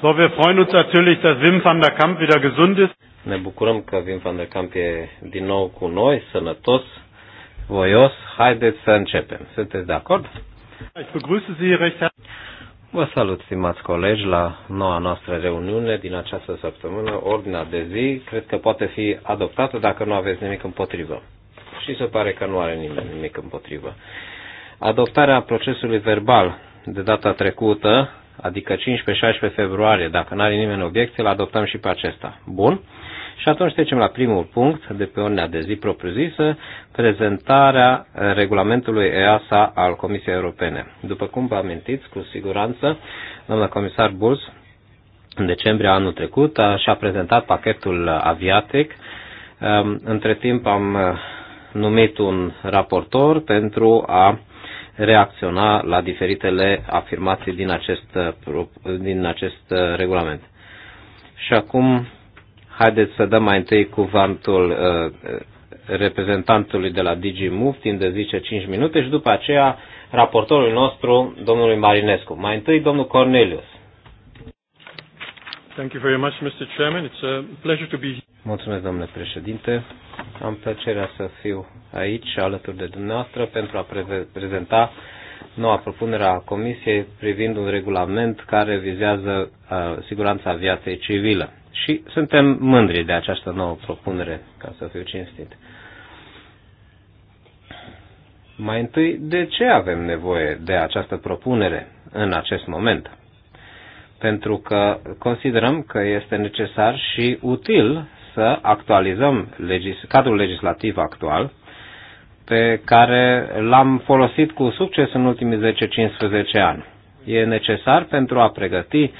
So, wir freuen uns natürlich, dass Wim van der Kamp wieder gesund ist. Ne bucurăm că Wim van der Kamp e din nou cu noi, sănătos, voios. Haideți să începem. Sunteți de acord? Ich begrüße Sie recht herzlich. Vă salut, stimați colegi, la noua noastră reuniune din această săptămână. Ordinea de zi cred că poate fi adoptată dacă nu aveți nimic împotrivă. Și se pare că nu are nimeni nimic împotrivă. Adoptarea procesului verbal de data trecută adică 15-16 februarie, dacă nu are nimeni obiecție, îl adoptăm și pe acesta. Bun. Și atunci trecem la primul punct de pe ordinea de zi propriu-zisă, prezentarea regulamentului EASA al Comisiei Europene. După cum vă amintiți, cu siguranță, doamna comisar Bulls, în decembrie anul trecut, și-a prezentat pachetul aviatic. Ehm, între timp am eh, numit un raportor pentru a reacționa la diferitele afirmații din acest, din acest uh, regulament. Și acum, haideți să dăm mai întâi cuvântul uh, reprezentantului de la DigiMove, timp de 10 5 minute, și după aceea raportorul nostru, domnului Marinescu. Mai întâi, domnul Cornelius. Thank you very much, Mr. Chairman. It's a pleasure to be here. Mulțumesc, domnule președinte. Am plăcerea să fiu aici, alături de dumneavoastră, pentru a prezenta noua propunere a Comisiei privind un regulament care vizează uh, siguranța viaței civilă. Și suntem mândri de această nouă propunere, ca să fiu cinstit. Mai întâi, de ce avem nevoie de această propunere în acest moment? pentru că considerăm că este necesar și util să actualizăm legis- cadrul legislativ actual pe care l-am folosit cu succes în ultimii 10-15 ani. E necesar pentru a pregăti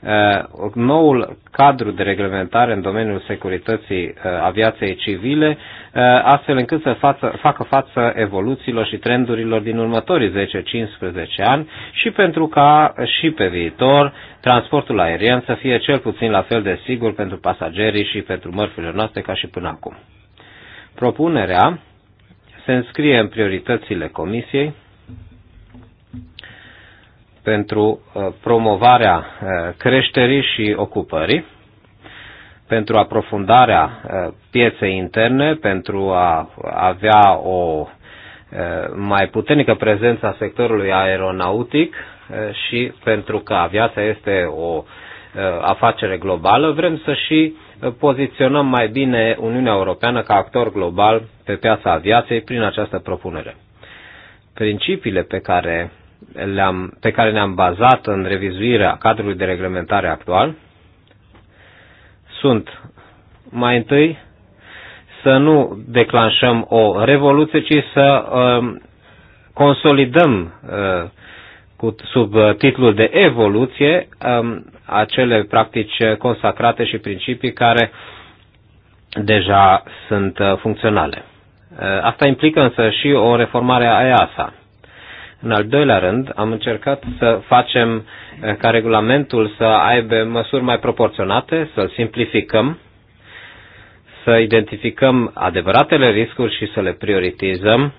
Uh, noul cadru de reglementare în domeniul securității uh, aviației civile, uh, astfel încât să față, facă față evoluțiilor și trendurilor din următorii 10-15 ani și pentru ca și pe viitor transportul aerian să fie cel puțin la fel de sigur pentru pasagerii și pentru mărfurile noastre ca și până acum. Propunerea se înscrie în prioritățile Comisiei pentru uh, promovarea uh, creșterii și ocupării, pentru aprofundarea uh, pieței interne, pentru a avea o mai puternică prezență a sectorului aeronautic și pentru că aviația este o afacere globală, vrem să și poziționăm mai bine Uniunea Europeană ca actor global pe piața aviației prin această propunere. Principiile pe care le-am, pe care ne-am bazat în revizuirea cadrului de reglementare actual sunt mai întâi să nu declanșăm o revoluție, ci să uh, consolidăm uh, cu, sub uh, titlul de evoluție um, acele practici consacrate și principii care deja sunt uh, funcționale. Uh, asta implică însă și o reformare a EASA. În al doilea rând, am încercat să facem eh, ca regulamentul să aibă măsuri mai proporționate, să-l simplificăm, să identificăm adevăratele riscuri și să le prioritizăm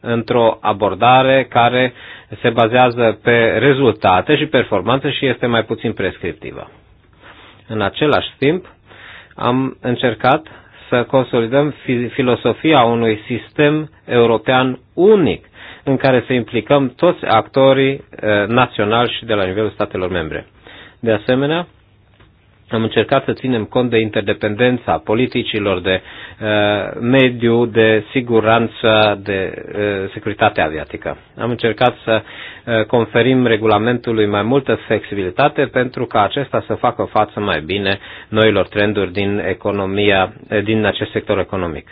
într-o abordare care se bazează pe rezultate și performanță și este mai puțin prescriptivă. În același timp, am încercat să consolidăm filosofia unui sistem european unic în care să implicăm toți actorii eh, naționali și de la nivelul statelor membre. De asemenea, am încercat să ținem cont de interdependența politicilor de uh, mediu, de siguranță, de uh, securitate aviatică. Am încercat să uh, conferim regulamentului mai multă flexibilitate pentru ca acesta să facă față mai bine noilor trenduri din economia, din acest sector economic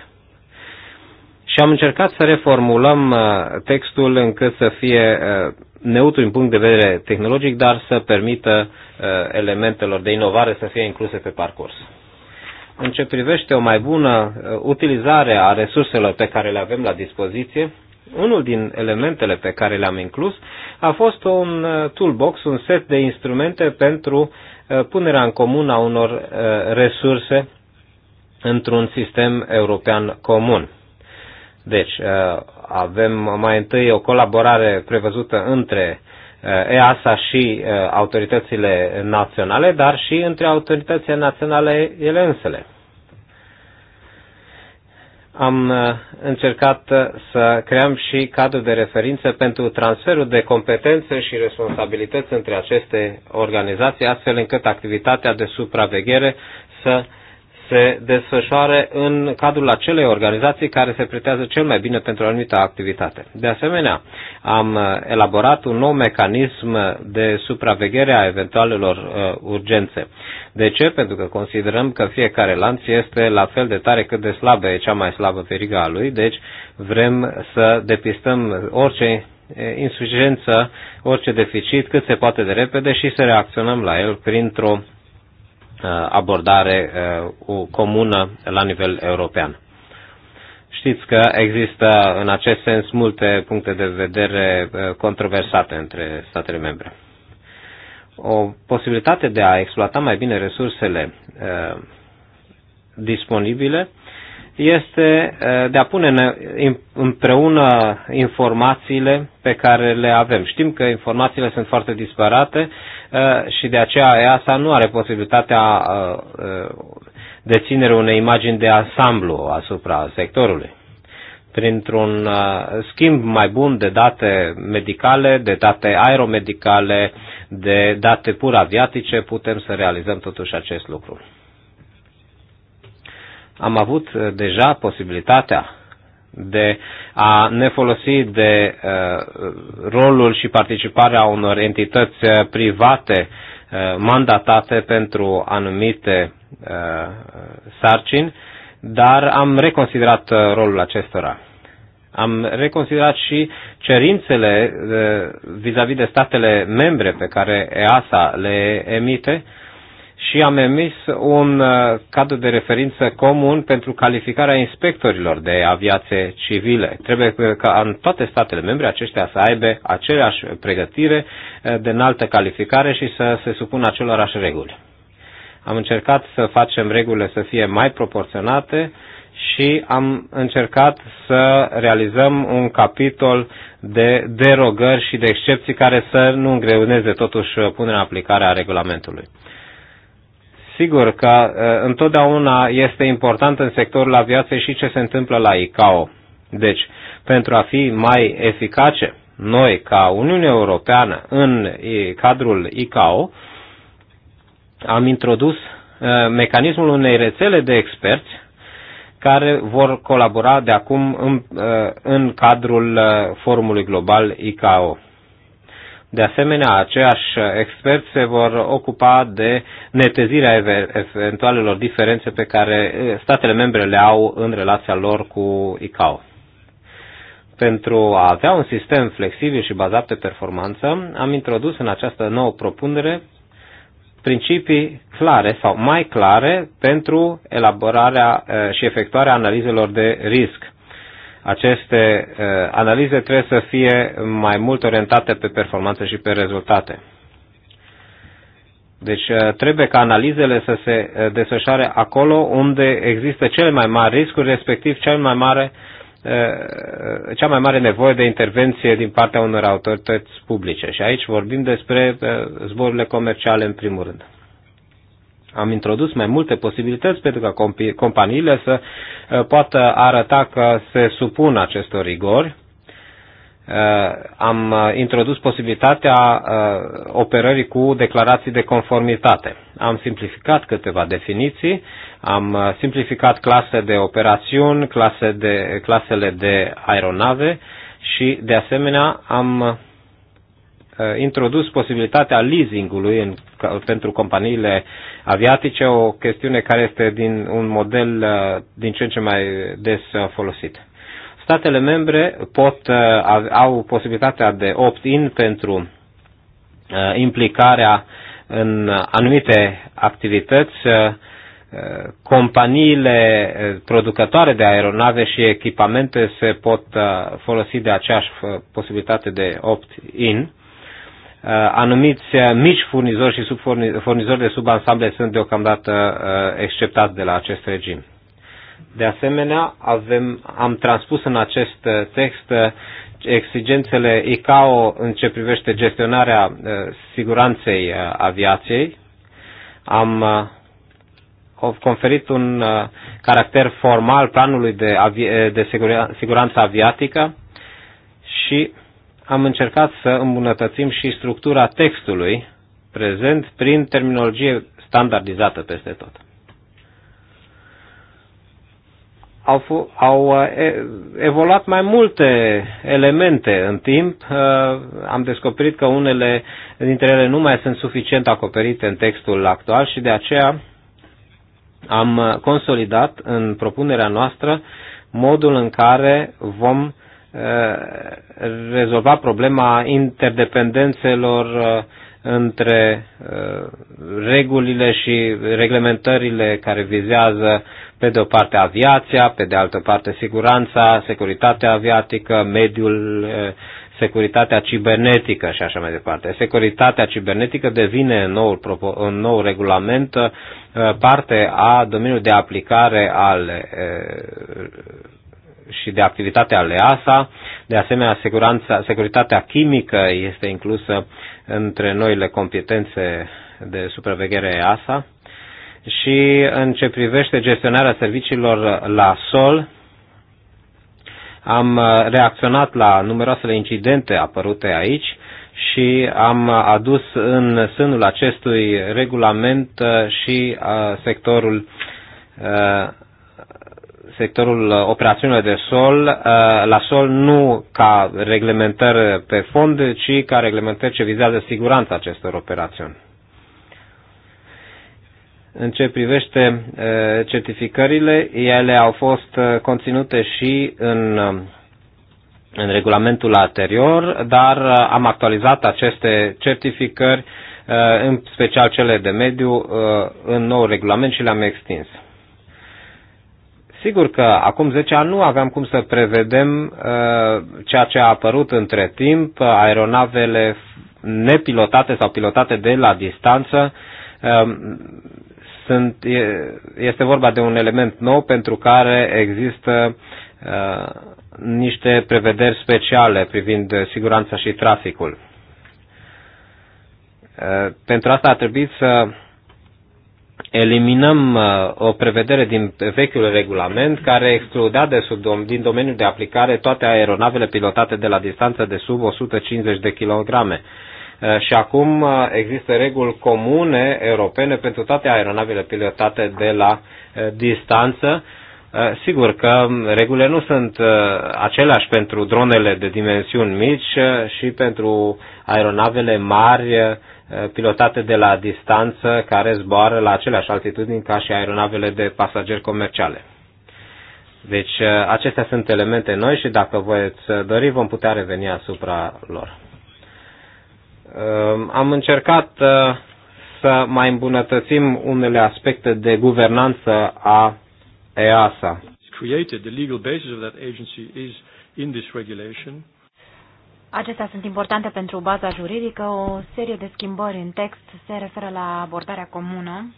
și am încercat să reformulăm uh, textul încât să fie uh, neutru din punct de vedere tehnologic, dar să permită uh, elementelor de inovare să fie incluse pe parcurs. În ce privește o mai bună utilizare a resurselor pe care le avem la dispoziție, unul din elementele pe care le-am inclus a fost un toolbox, un set de instrumente pentru punerea în comun a unor resurse într-un sistem european comun. Deci, uh, avem mai întâi o colaborare prevăzută între uh, EASA și uh, autoritățile naționale, dar și între autoritățile naționale ele însele. Am încercat să creăm și cadrul de referință pentru transferul de competențe și responsabilități între aceste organizații, astfel încât activitatea de supraveghere să uh, se desfășoare în cadrul acelei organizații care se pretează cel mai bine pentru o anumită activitate. De asemenea, am elaborat un nou mecanism de supraveghere a eventualelor uh, urgențe. De ce? Pentru că considerăm că fiecare lanț este la fel de tare cât de slabă e cea mai slabă veriga a lui, deci vrem să depistăm orice insuficiență, orice deficit cât se poate de repede și să reacționăm la el printr-o Uh, abordare uh, comună la nivel european. Știți că există în acest sens multe puncte de vedere uh, controversate între statele membre. O posibilitate de a exploata mai bine resursele disponibile este de a pune împreună informațiile pe care le avem. Știm că informațiile sunt foarte disparate, Uh, și de aceea EASA nu are posibilitatea uh, uh, deținerii unei imagini de ansamblu asupra sectorului. Printr-un schimb mai bun de date medicale, de date aeromedicale, de date pur aviatice, putem să realizăm totuși acest lucru. Am avut deja posibilitatea de a ne folosi de uh, rolul și participarea unor entități uh, private uh, mandatate pentru anumite sarcini, dar am reconsiderat rolul acestora. Am reconsiderat și cerințele vis-a-vis -vis de statele membre pe care EASA le emite și am emis un uh, cadru de referință comun pentru calificarea inspectorilor de aviație civile. Trebuie ca în toate statele membre aceștia să aibă aceeași pregătire uh, de înaltă calificare și să se supună acelorași reguli. Am încercat să facem regulile să fie mai proporționate și am încercat să realizăm un capitol de derogări și de excepții care să nu îngreuneze totuși punerea în aplicare a regulamentului. Sigur că întotdeauna este important în sectorul aviației și ce se întâmplă la ICAO. Deci, pentru a fi mai eficace, noi, ca Uniunea Europeană, în cadrul ICAO, am introdus mecanismul unei rețele de experți care vor colabora de acum în, în cadrul forumului global ICAO. De asemenea, aceiași experți se vor ocupa de netezirea eventualelor diferențe pe care statele membre le au în relația lor cu ICAO. Pentru a avea un sistem flexibil și bazat pe performanță, am introdus în această nouă propunere principii clare sau mai clare pentru elaborarea și efectuarea analizelor de risc aceste uh, analize trebuie să fie mai mult orientate pe performanță și pe rezultate. Deci uh, trebuie ca analizele să se uh, desfășoare acolo unde există cele mai mari riscuri, respectiv cel mai mare, cea mai mare nevoie de intervenție din partea unor autorități publice. Și aici vorbim despre zborurile comerciale în primul rând. Am introdus mai multe posibilități pentru ca companiile să uh, poată arăta că se supun acestor rigori. Uh, am uh, introdus posibilitatea operării cu declarații de conformitate. Am simplificat câteva definiții, am simplificat clase de operațiuni, clase de, clasele de aeronave și, de asemenea, am Uh, introdus posibilitatea leasingului în, pentru companiile aviatice, o chestiune care este din un model uh, din ce în ce mai des uh, folosit. Statele membre pot, au posibilitatea de opt-in pentru implicarea în anumite activități companiile producătoare de aeronave și echipamente se pot folosi de aceeași posibilitate de opt-in Uh, anumiți uh, mici furnizori și furnizori de subansamble sunt deocamdată uh, exceptați de la acest regim. De asemenea, avem, am transpus în acest text exigențele ICAO în ce privește gestionarea siguranței aviației. Am conferit un caracter formal planului de, avi- de siguranță aviatică și am încercat să îmbunătățim și structura textului prezent prin terminologie standardizată peste tot. Au, au uh, evoluat mai multe elemente în timp. Uh, am descoperit că unele dintre ele nu mai sunt suficient acoperite în textul actual și de aceea am consolidat în propunerea noastră modul în care vom uh, Uh, rezolva problema interdependențelor uh, între uh, regulile și reglementările care vizează pe de o parte aviația, pe de altă parte siguranța, securitatea aviatică, mediul, securitatea cibernetică și așa mai departe. Securitatea cibernetică devine în noul, în nou regulament parte a domeniului de aplicare al și de activitatea LEASA. De asemenea, siguranța, securitatea chimică este inclusă între noile competențe de supraveghere EASA. Și în ce privește gestionarea serviciilor la sol, am reacționat la numeroasele incidente apărute aici și am adus în sânul acestui regulament uh, și uh, sectorul uh, sectorul uh, operațiunilor de sol, uh, la sol nu ca reglementări pe fond, ci ca reglementări ce vizează siguranța acestor operațiuni. În ce privește uh, certificările, ele au fost conținute și în, în regulamentul anterior, dar am actualizat aceste certificări, în special cele de mediu, în nou regulament și le-am extins. Sigur că acum 10 ani nu aveam cum să prevedem uh, ceea ce a apărut între timp, aeronavele nepilotate sau pilotate de la distanță. Uh, sunt, este vorba de un element nou pentru care există uh, niște prevederi speciale privind siguranța și traficul. Uh, pentru asta a trebuit să eliminăm uh, o prevedere din vechiul regulament care excludea de sub, dom din domeniul de aplicare toate aeronavele pilotate de la distanță de sub 150 de kilograme. Uh, și acum uh, există reguli comune europene pentru toate aeronavele pilotate de la distanță. Sigur că um, regulile nu sunt aceleași pentru dronele de dimensiuni mici și pentru aeronavele mari Eh, pilotate de la distanță care zboară la aceleași altitudini ca și aeronavele de pasageri comerciale. Deci eh, acestea sunt elemente noi și dacă voi eh, dori vom putea reveni asupra lor. Ehm, am încercat să mai îmbunătățim unele aspecte de guvernanță a EASA. Created the legal basis of that agency is in this regulation. Acestea sunt importante pentru baza juridică. O serie de schimbări în text se referă la abordarea comună,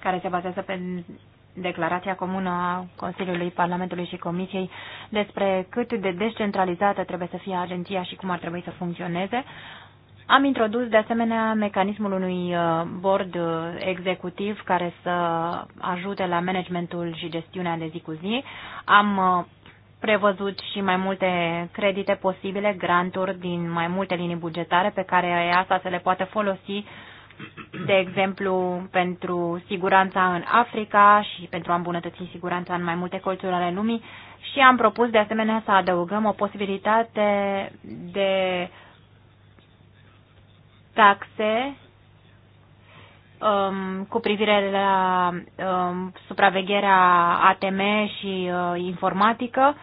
care se bazează pe declarația comună a Consiliului, Parlamentului și Comisiei despre cât de descentralizată trebuie să fie agenția și cum ar trebui să funcționeze. Am introdus de asemenea mecanismul unui uh, board uh, executiv care să ajute la managementul și gestiunea de zi cu zi. Am uh, prevăzut și mai multe credite posibile, granturi din mai multe linii bugetare pe care EASA se le poate folosi, de exemplu, pentru siguranța în Africa și pentru a îmbunătăți siguranța în mai multe colțuri ale lumii și am propus de asemenea să adăugăm o posibilitate de taxe um, cu privire la um, supravegherea ATM și uh, informatică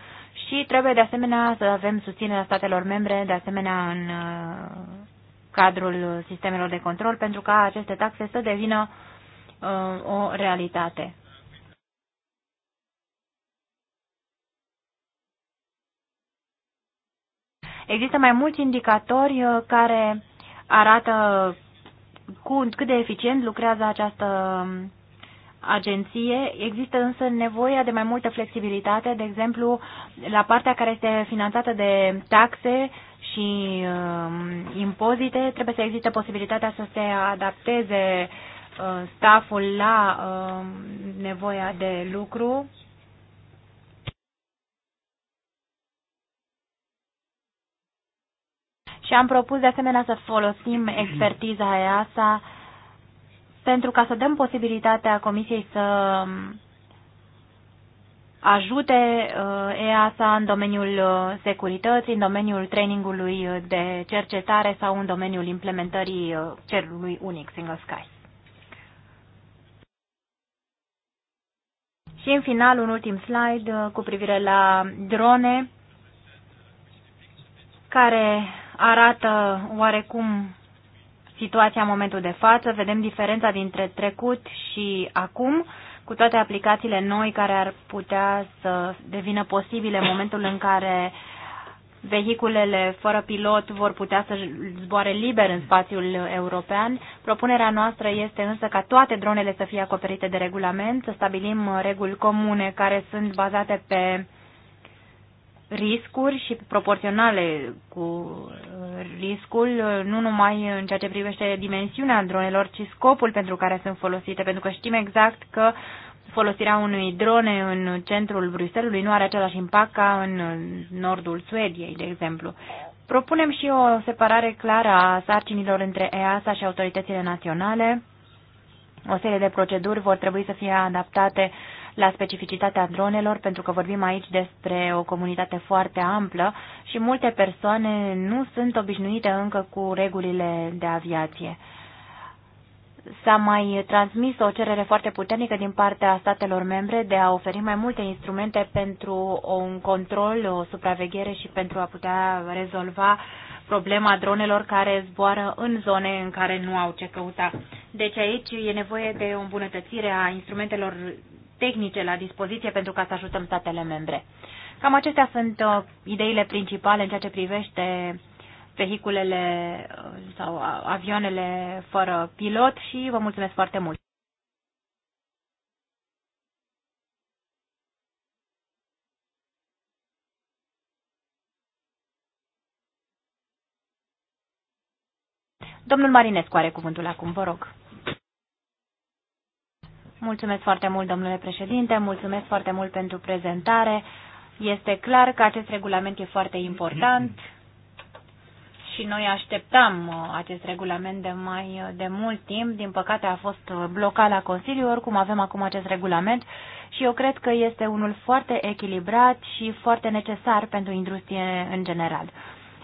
și trebuie de asemenea să avem susținerea statelor membre, de asemenea în uh, cadrul sistemelor de control, pentru ca aceste taxe să devină uh, o realitate. Există mai mulți indicatori uh, care arată cu, cât de eficient lucrează această um, agenție. Există însă nevoia de mai multă flexibilitate, de exemplu, la partea care este finanțată de taxe și uh, impozite, trebuie să existe posibilitatea să se adapteze uh, staful la uh, nevoia de lucru Și am propus de asemenea să folosim expertiza EASA pentru ca să dăm posibilitatea Comisiei să um, ajute uh, EASA în domeniul uh, securității, în domeniul trainingului de cercetare sau în domeniul implementării uh, cerului unic, Single Sky. Și în final, un ultim slide cu privire la drone, care arată oarecum situația în momentul de față, vedem diferența dintre trecut și acum, cu toate aplicațiile noi care ar putea să devină posibile în momentul în care vehiculele fără pilot vor putea să zboare liber în spațiul european. Propunerea noastră este însă ca toate dronele să fie acoperite de regulament, să stabilim reguli comune care sunt bazate pe uh, riscuri și proporționale cu riscul, nu numai în ceea ce privește dimensiunea dronelor, ci scopul pentru care sunt folosite, pentru că știm exact că folosirea unui drone în centrul Bruxellesului nu are același impact ca în nordul Suediei, de exemplu. Propunem și o separare clară a sarcinilor între EASA și autoritățile naționale. O serie de proceduri vor trebui să fie adaptate uh, la specificitatea dronelor, pentru că vorbim aici despre o comunitate foarte amplă și multe persoane nu sunt obișnuite încă cu regulile de aviație. S-a mai transmis o cerere foarte puternică din partea statelor membre de a oferi mai multe instrumente pentru un control, o supraveghere și pentru a putea rezolva problema dronelor care zboară în zone în care nu au ce căuta. Deci aici e nevoie de o îmbunătățire a instrumentelor tehnice la dispoziție pentru ca să ajutăm statele membre. Cam acestea sunt uh, ideile principale în ceea ce privește uh, vehiculele uh, sau avioanele fără pilot și vă mulțumesc foarte mult. Domnul Marinescu are cuvântul acum, vă rog. Mulțumesc foarte mult, domnule președinte, mulțumesc foarte mult pentru prezentare. Este clar că acest regulament e foarte important și noi așteptam uh, acest regulament de mai uh, de mult timp. Din păcate a fost uh, blocat la Consiliu, oricum avem acum acest regulament și eu cred că este unul foarte echilibrat și foarte necesar pentru industrie în general.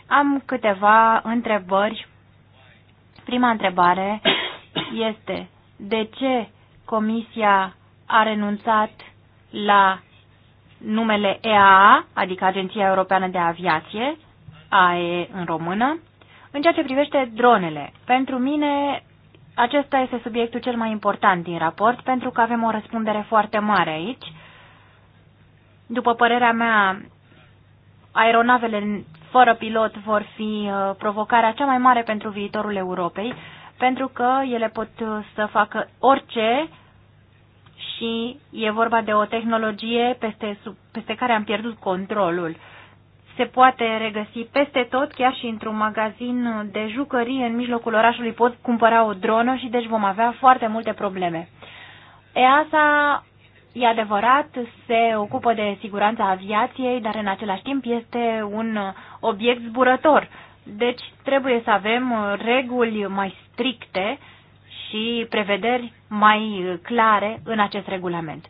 Am câteva întrebări. Prima întrebare este de ce Comisia a renunțat la numele EAA, adică Agenția Europeană de Aviație, AE în română, în ceea ce privește dronele. Pentru mine acesta este subiectul cel mai important din raport, pentru că avem o răspundere foarte mare aici. După părerea mea, aeronavele fără pilot vor fi uh, provocarea cea mai mare pentru viitorul Europei pentru că ele pot uh, să facă orice și e vorba de o tehnologie peste, peste care am pierdut controlul. Se poate regăsi peste tot, chiar și într-un magazin de jucării în mijlocul orașului pot cumpăra o dronă și deci vom avea foarte multe probleme. EASA, e adevărat, se ocupă de siguranța aviației, dar în același timp este un obiect zburător deci trebuie să avem uh, reguli mai stricte și prevederi mai uh, clare în acest regulament.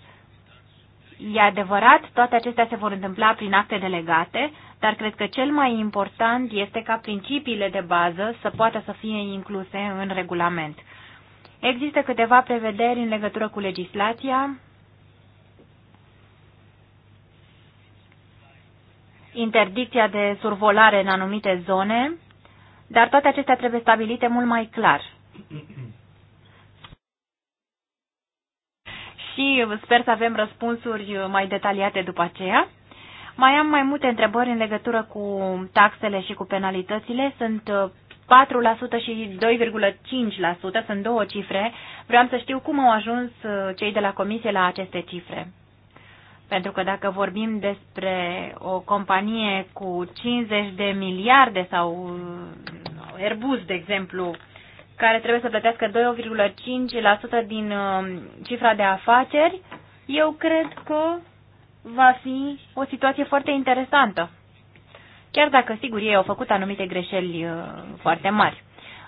E adevărat, toate acestea se vor întâmpla prin acte delegate, dar cred că cel mai important este ca principiile de bază să poată să fie incluse în regulament. Există câteva prevederi în legătură cu legislația interdicția de survolare în anumite zone, dar toate acestea trebuie stabilite mult mai clar. Și sper să avem răspunsuri mai detaliate după aceea. Mai am mai multe întrebări în legătură cu taxele și cu penalitățile. Sunt 4% uh, și 2,5%, sunt două cifre. Vreau să știu cum au ajuns uh, cei de la comisie la aceste cifre. Pentru că dacă vorbim despre o companie cu 50 de miliarde sau uh, Airbus, de exemplu, care trebuie să plătească 2,5% din uh, cifra de afaceri, eu cred că va fi o situație foarte interesantă. Chiar dacă, sigur, ei au făcut anumite greșeli uh, foarte mari.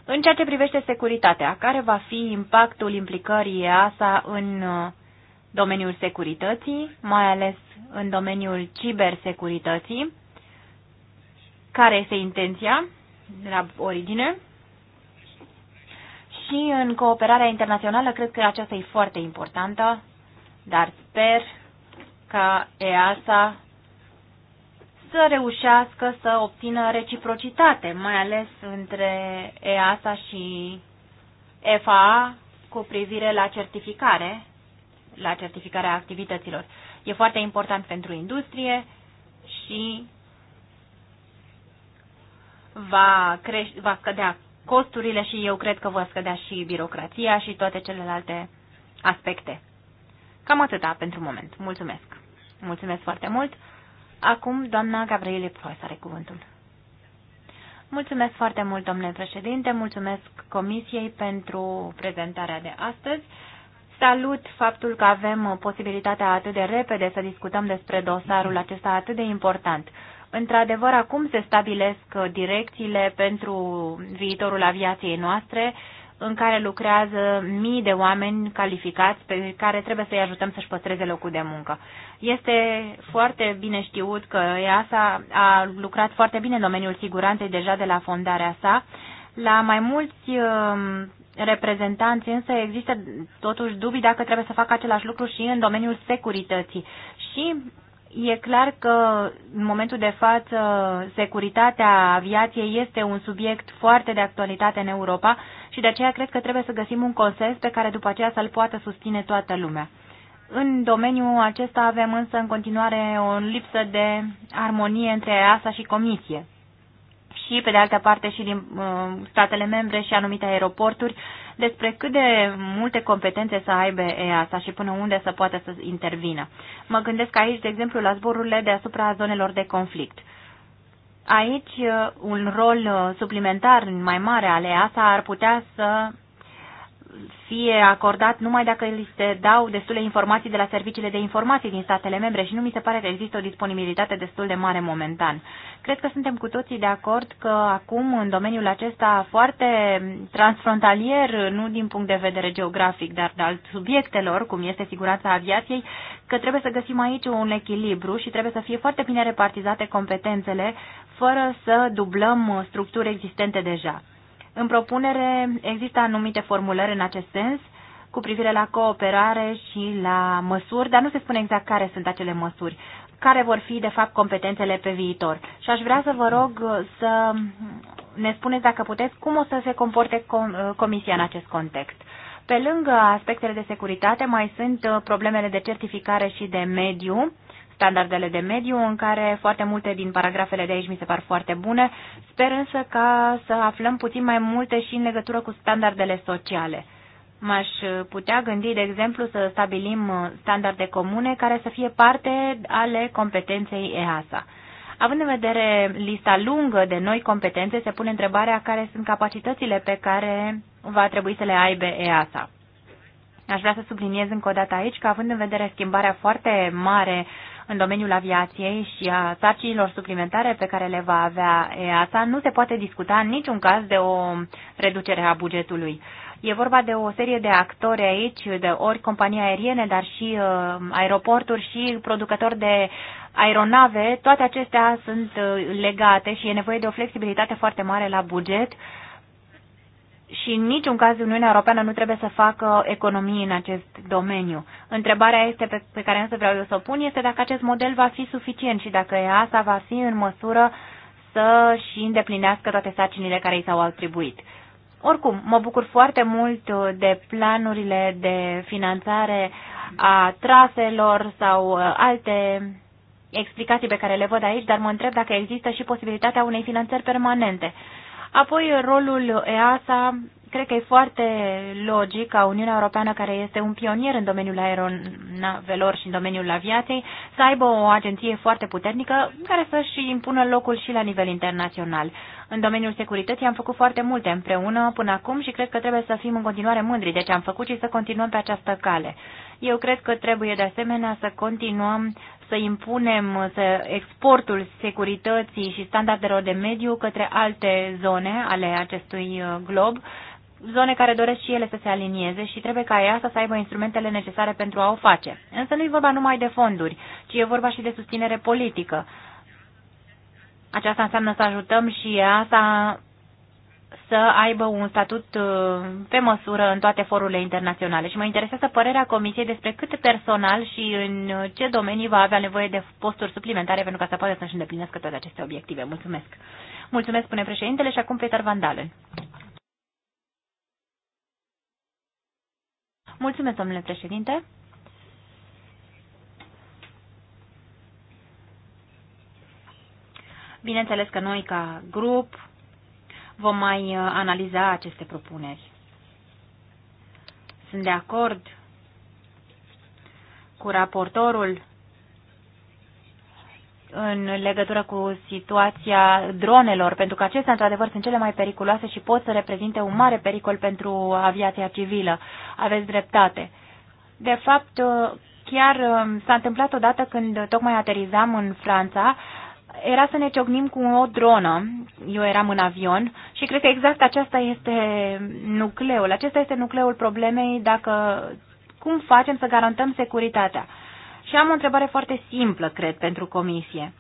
În ceea ce privește securitatea, care va fi impactul implicării EASA în uh, domeniul securității, mai ales în domeniul cibersecurității. Care este intenția la origine? Și în cooperarea internațională, cred că aceasta e foarte importantă, dar sper ca EASA să reușească să obțină reciprocitate, mai ales între EASA și FAA cu privire la certificare la certificarea activităților. E foarte important pentru industrie și va, crește, va scădea costurile și eu cred că va scădea și birocrația și toate celelalte aspecte. Cam atâta pentru moment. Mulțumesc. Mulțumesc foarte mult. Acum, doamna Gabriele Proas are cuvântul. Mulțumesc foarte mult, domnule președinte, mulțumesc Comisiei pentru prezentarea de astăzi. Salut faptul că avem uh, posibilitatea atât de repede să discutăm despre dosarul acesta atât de important. Într-adevăr, acum se stabilesc uh, direcțiile pentru viitorul aviației noastre, în care lucrează mii de oameni calificați pe care trebuie să-i ajutăm să-și păstreze locul de muncă. Este foarte bine știut că EASA a lucrat foarte bine în domeniul siguranței deja de la fondarea sa la mai mulți um, reprezentanți, însă există totuși dubii dacă trebuie să facă același lucru și în domeniul securității. Și E clar că în momentul de față securitatea aviației este un subiect foarte de actualitate în Europa și de aceea cred că trebuie să găsim un consens pe care după aceea să-l poată susține toată lumea. În domeniul acesta avem însă în continuare o lipsă de armonie între ASA și Comisie și, pe de altă parte, și din uh, statele membre și anumite aeroporturi despre cât de multe competențe să aibă EASA și până unde să poată să intervină. Mă gândesc aici, de exemplu, la zborurile deasupra zonelor de conflict. Aici, uh, un rol uh, suplimentar mai mare al EASA ar putea să fie acordat numai dacă li se dau destule informații de la serviciile de informații din statele membre și nu mi se pare că există o disponibilitate destul de mare momentan. Cred că suntem cu toții de acord că acum în domeniul acesta foarte transfrontalier, nu din punct de vedere geografic, dar de alt subiectelor, cum este siguranța aviației, că trebuie să găsim aici un echilibru și trebuie să fie foarte bine repartizate competențele fără să dublăm structuri existente deja. În propunere există anumite formulări în acest sens cu privire la cooperare și la măsuri, dar nu se spune exact care sunt acele măsuri, care vor fi, de fapt, competențele pe viitor. Și aș vrea să vă rog să ne spuneți, dacă puteți, cum o să se comporte Comisia în acest context. Pe lângă aspectele de securitate, mai sunt problemele de certificare și de mediu, standardele de mediu, în care foarte multe din paragrafele de aici mi se par foarte bune. Sper însă ca să aflăm puțin mai multe și în legătură cu standardele sociale. M-aș putea gândi, de exemplu, să stabilim standarde comune care să fie parte ale competenței EASA. Având în vedere lista lungă de noi competențe, se pune întrebarea care sunt capacitățile pe care va trebui să le aibă EASA. Aș vrea să subliniez încă o dată aici că, având în vedere schimbarea foarte mare în domeniul aviației și a sarcinilor suplimentare pe care le va avea EASA, nu se poate discuta în niciun caz de o reducere a bugetului. E vorba de o serie de actori aici, de ori companii aeriene, dar și uh, aeroporturi și producători de aeronave. Toate acestea sunt uh, legate și e nevoie de o flexibilitate foarte mare la buget și în niciun caz Uniunea Europeană nu trebuie să facă economii în acest domeniu. Întrebarea este pe, pe care însă vreau eu să o pun este dacă acest model va fi suficient și dacă EASA va fi în măsură să și îndeplinească toate sarcinile care i s-au atribuit. Oricum, mă bucur foarte mult de planurile de finanțare a traselor sau uh, alte explicații pe care le văd aici, dar mă întreb dacă există și posibilitatea unei finanțări permanente. Apoi, rolul EASA, cred că e foarte logic ca Uniunea Europeană, care este un pionier în domeniul aeronavelor și în domeniul aviației, să aibă o agenție foarte puternică care să-și impună locul și la nivel internațional. În domeniul securității am făcut foarte multe împreună până acum și cred că trebuie să fim în continuare mândri de ce am făcut și să continuăm pe această cale. Eu cred că trebuie de asemenea să continuăm să impunem să exportul securității și standardelor de mediu către alte zone ale acestui uh, glob, zone care doresc și ele să se alinieze și trebuie ca ea să aibă instrumentele necesare pentru a o face. Însă nu e vorba numai de fonduri, ci e vorba și de susținere politică. Aceasta înseamnă să ajutăm și EASA să aibă un statut uh, pe măsură în toate forurile internaționale. Și mă interesează părerea Comisiei despre cât personal și în ce domenii va avea nevoie de posturi suplimentare pentru ca să poată să-și îndeplinească toate aceste obiective. Mulțumesc. Mulțumesc, spune președintele, și acum Peter Van Dalen. Mulțumesc, domnule președinte. Bineînțeles că noi, ca grup, vom mai uh, analiza aceste propuneri. Sunt de acord cu raportorul în legătură cu situația dronelor, pentru că acestea, într-adevăr, sunt cele mai periculoase și pot să reprezinte un mare pericol pentru aviația civilă. Aveți dreptate. De fapt, uh, chiar uh, s-a întâmplat odată când tocmai aterizam în Franța, era să ne ciocnim cu o dronă. Eu eram în avion și cred că exact aceasta este nucleul. Acesta este nucleul problemei dacă cum facem să garantăm securitatea. Și am o întrebare foarte simplă, cred, pentru comisie.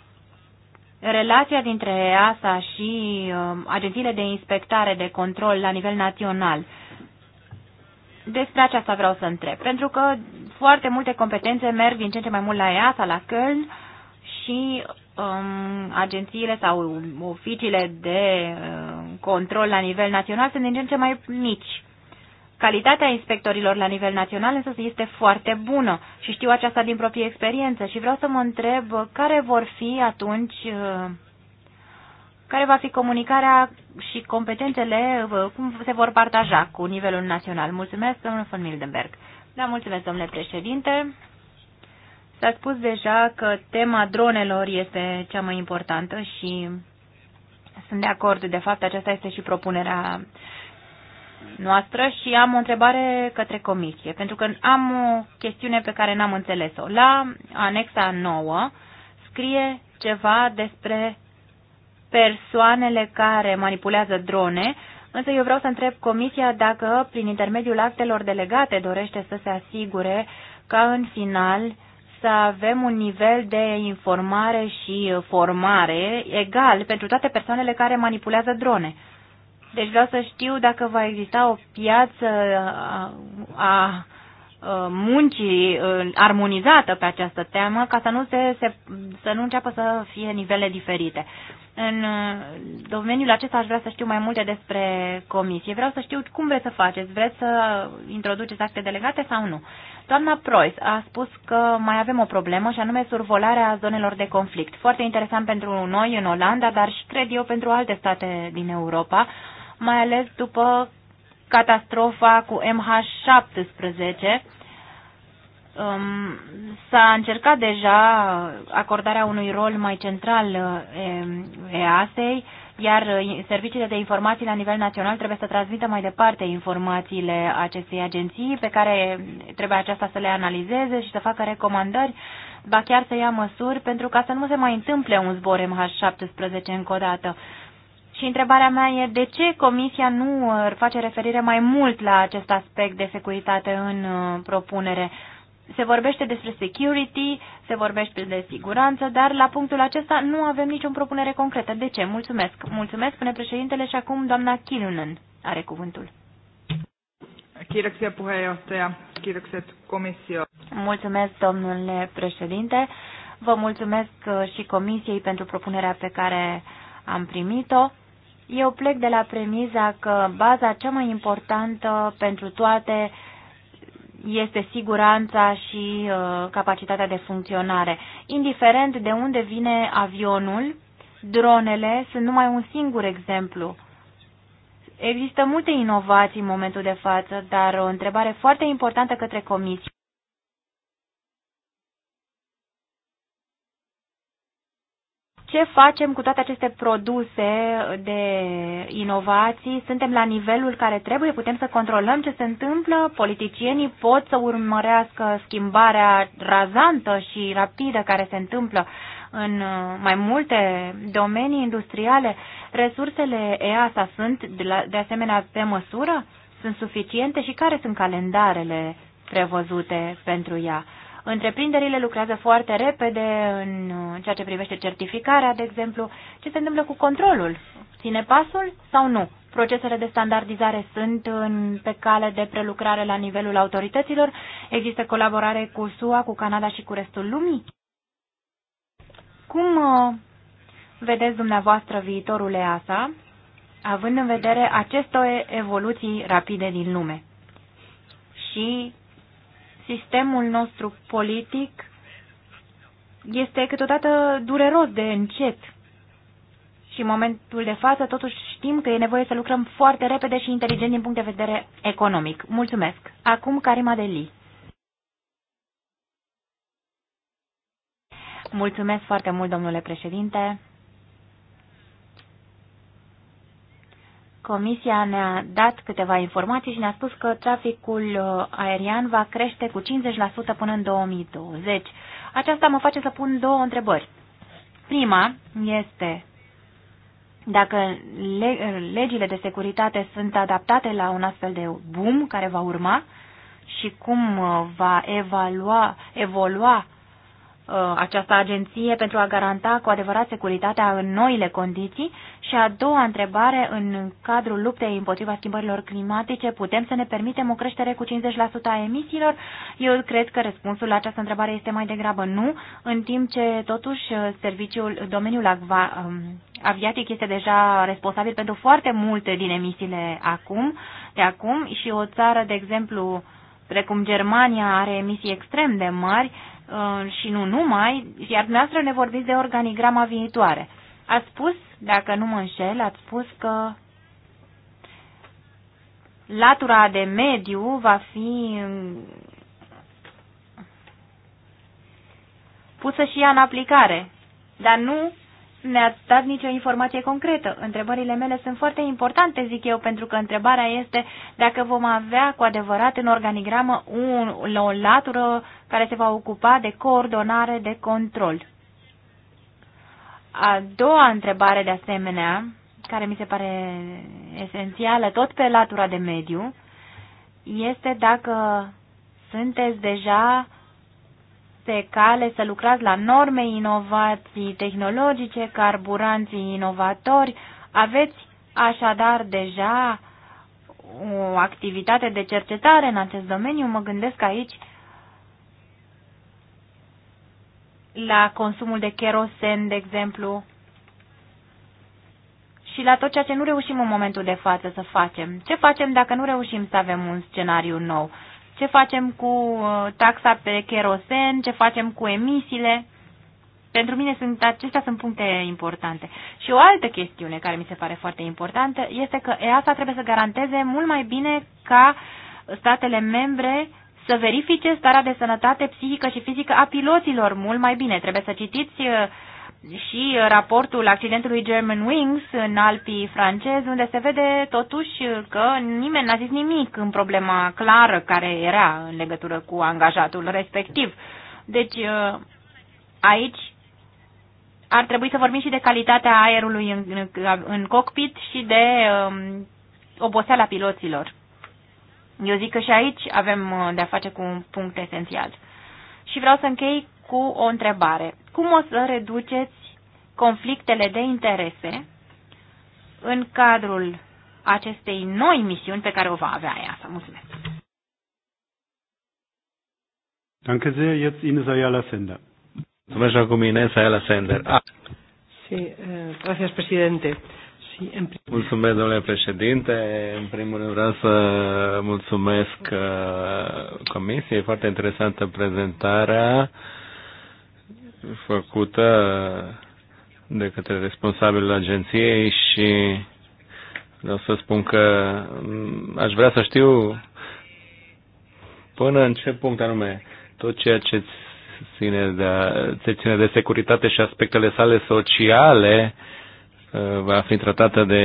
Relația dintre EASA și uh, agențiile de inspectare de control la nivel național. Despre aceasta vreau să întreb, pentru că foarte multe competențe merg din ce în ce mai mult la EASA, la Köln și um, agențiile sau oficiile de uh, control la nivel național sunt din ce în ce mai mici. Calitatea inspectorilor la nivel național însă este foarte bună și știu aceasta din proprie experiență și vreau să mă întreb care vor fi atunci, uh, care va fi comunicarea și competențele, uh, cum se vor partaja cu nivelul național. Mulțumesc, domnul von Mildenberg. Da, mulțumesc, domnule președinte. S-a spus deja că tema dronelor este cea mai importantă și sunt de acord. De fapt, aceasta este și propunerea noastră și am o întrebare către comisie, pentru că am o chestiune pe care n-am înțeles-o. La anexa 9 scrie ceva despre persoanele care manipulează drone, însă eu vreau să întreb comisia dacă prin intermediul actelor delegate dorește să se asigure ca în final uh, să avem un nivel de informare și formare egal pentru toate persoanele care manipulează drone. Deci vreau să știu dacă va exista o piață uh, a, a uh, muncii uh, armonizată pe această temă ca să nu, se, se, să nu înceapă să fie nivele diferite. În uh, domeniul acesta aș vrea să știu mai multe despre comisie. Vreau să știu cum vreți să faceți. Vreți să introduceți acte delegate sau nu? Doamna Preuss a spus că mai avem o problemă și anume survolarea zonelor de conflict. Foarte interesant pentru noi în Olanda, dar și cred eu pentru alte state din Europa, mai ales după catastrofa cu MH17, um, s-a încercat deja acordarea unui rol mai central uh, EASEI, iar uh, serviciile de informații la nivel național trebuie să transmită mai departe informațiile acestei agenții pe care trebuie aceasta să le analizeze și să facă recomandări, ba chiar să ia măsuri pentru ca să nu se mai întâmple un zbor MH17 încă o dată. Și întrebarea mea e de ce Comisia nu uh, face referire mai mult la acest aspect de securitate în propunere? se vorbește despre security, se vorbește de siguranță, dar la punctul acesta nu avem nicio propunere concretă. De ce? Mulțumesc. Mulțumesc, până președintele, și acum doamna Kilunen are cuvântul. Mulțumesc, domnule președinte. Vă mulțumesc uh, și comisiei pentru propunerea pe care am primit-o. Eu plec de la premiza că baza cea mai importantă pentru toate uh, este siguranța și uh, capacitatea de funcționare. Indiferent de unde vine avionul, dronele sunt numai un singur exemplu. Există multe inovații în momentul de față, dar o întrebare foarte importantă către comisie Ce facem cu toate aceste produse de inovații? Suntem la nivelul care trebuie? Putem să controlăm ce se întâmplă? Politicienii pot să urmărească schimbarea razantă și rapidă care se întâmplă în mai multe domenii industriale. Resursele EASA sunt de asemenea pe măsură? Sunt suficiente și care sunt calendarele prevăzute pentru ea? Întreprinderile lucrează foarte repede uh, în ceea ce privește certificarea, de exemplu. Ce se întâmplă cu controlul? Ține pasul sau nu? Procesele de standardizare sunt în, pe cale de prelucrare la nivelul autorităților? Există colaborare cu SUA, cu Canada și cu restul lumii? Cum uh, vedeți dumneavoastră viitorul EASA, având în vedere aceste evoluții rapide din lume? Și sistemul nostru politic este câteodată dureros de încet. Și în momentul de față, totuși știm că e nevoie să lucrăm foarte repede și inteligent din punct de vedere economic. Mulțumesc. Acum Karima Deli. Mulțumesc foarte mult, domnule președinte. Comisia ne-a dat câteva informații și ne-a spus că traficul uh, aerian va crește cu 50% până în 2020. Aceasta mă face să pun două întrebări. Prima este dacă uh, legile de securitate sunt adaptate la un astfel de boom care va urma și cum uh, va evalua, evolua Uh, această agenție pentru a garanta cu adevărat securitatea în noile condiții? Și a doua întrebare, în cadrul luptei împotriva schimbărilor climatice, putem să ne permitem o creștere cu 50% a emisiilor? Eu cred că răspunsul la această întrebare este mai degrabă nu, în timp ce totuși serviciul, domeniul um, aviatic este deja responsabil pentru foarte multe din emisiile acum, de acum și o țară, de exemplu, precum Germania are emisii extrem de mari, Uh, și nu numai, iar dumneavoastră ne vorbiți de organigrama viitoare. Ați spus, dacă nu mă înșel, ați spus că latura de mediu va fi um, pusă și ea în aplicare, dar nu ne-ați dat nicio informație concretă. Întrebările mele sunt foarte importante, zic eu, pentru că întrebarea este dacă vom avea cu adevărat în organigramă un, o latură care se va ocupa de coordonare de control. A doua întrebare, de asemenea, care mi se pare esențială, tot pe latura de mediu, este dacă sunteți deja pe cale să lucrați la norme, inovații tehnologice, carburanții inovatori. Aveți așadar deja o activitate de cercetare în acest domeniu. Mă gândesc aici la consumul de kerosen, de exemplu, și la tot ceea ce nu reușim în momentul de față să facem. Ce facem dacă nu reușim să avem un scenariu nou? Ce facem cu uh, taxa pe kerosen? Ce facem cu emisiile? Pentru mine sunt, acestea sunt puncte importante. Și o altă chestiune care mi se pare foarte importantă este că EASA trebuie să garanteze mult mai bine ca statele membre să verifice starea de sănătate psihică și fizică a piloților mult mai bine. Trebuie să citiți uh, și raportul accidentului German Wings în Alpii francezi, unde se vede totuși că nimeni n-a zis nimic în problema clară care era în legătură cu angajatul respectiv. Deci uh, aici ar trebui să vorbim și de calitatea aerului în, în, în cockpit și de um, oboseala piloților. Eu zic că și aici avem uh, de-a face cu un punct esențial. Și vreau să închei cu o întrebare. Cum o să reduceți conflictele de interese în cadrul acestei noi misiuni pe care o va avea ea să Mulțumesc! Danke sehr, jetzt Ines Ayala Sender. Mulțumesc acum Ines Ayala Sender. Ah. Sí, eh, gracias, presidente. Mulțumesc, domnule președinte. În primul rând vreau să mulțumesc uh, comisiei. Foarte interesantă prezentarea făcută de către responsabilul agenției și vreau să spun că mm, aș vrea să știu până în ce punct anume tot ceea ce ține de, ține de securitate și aspectele sale sociale uh, Eh, va fi tratată de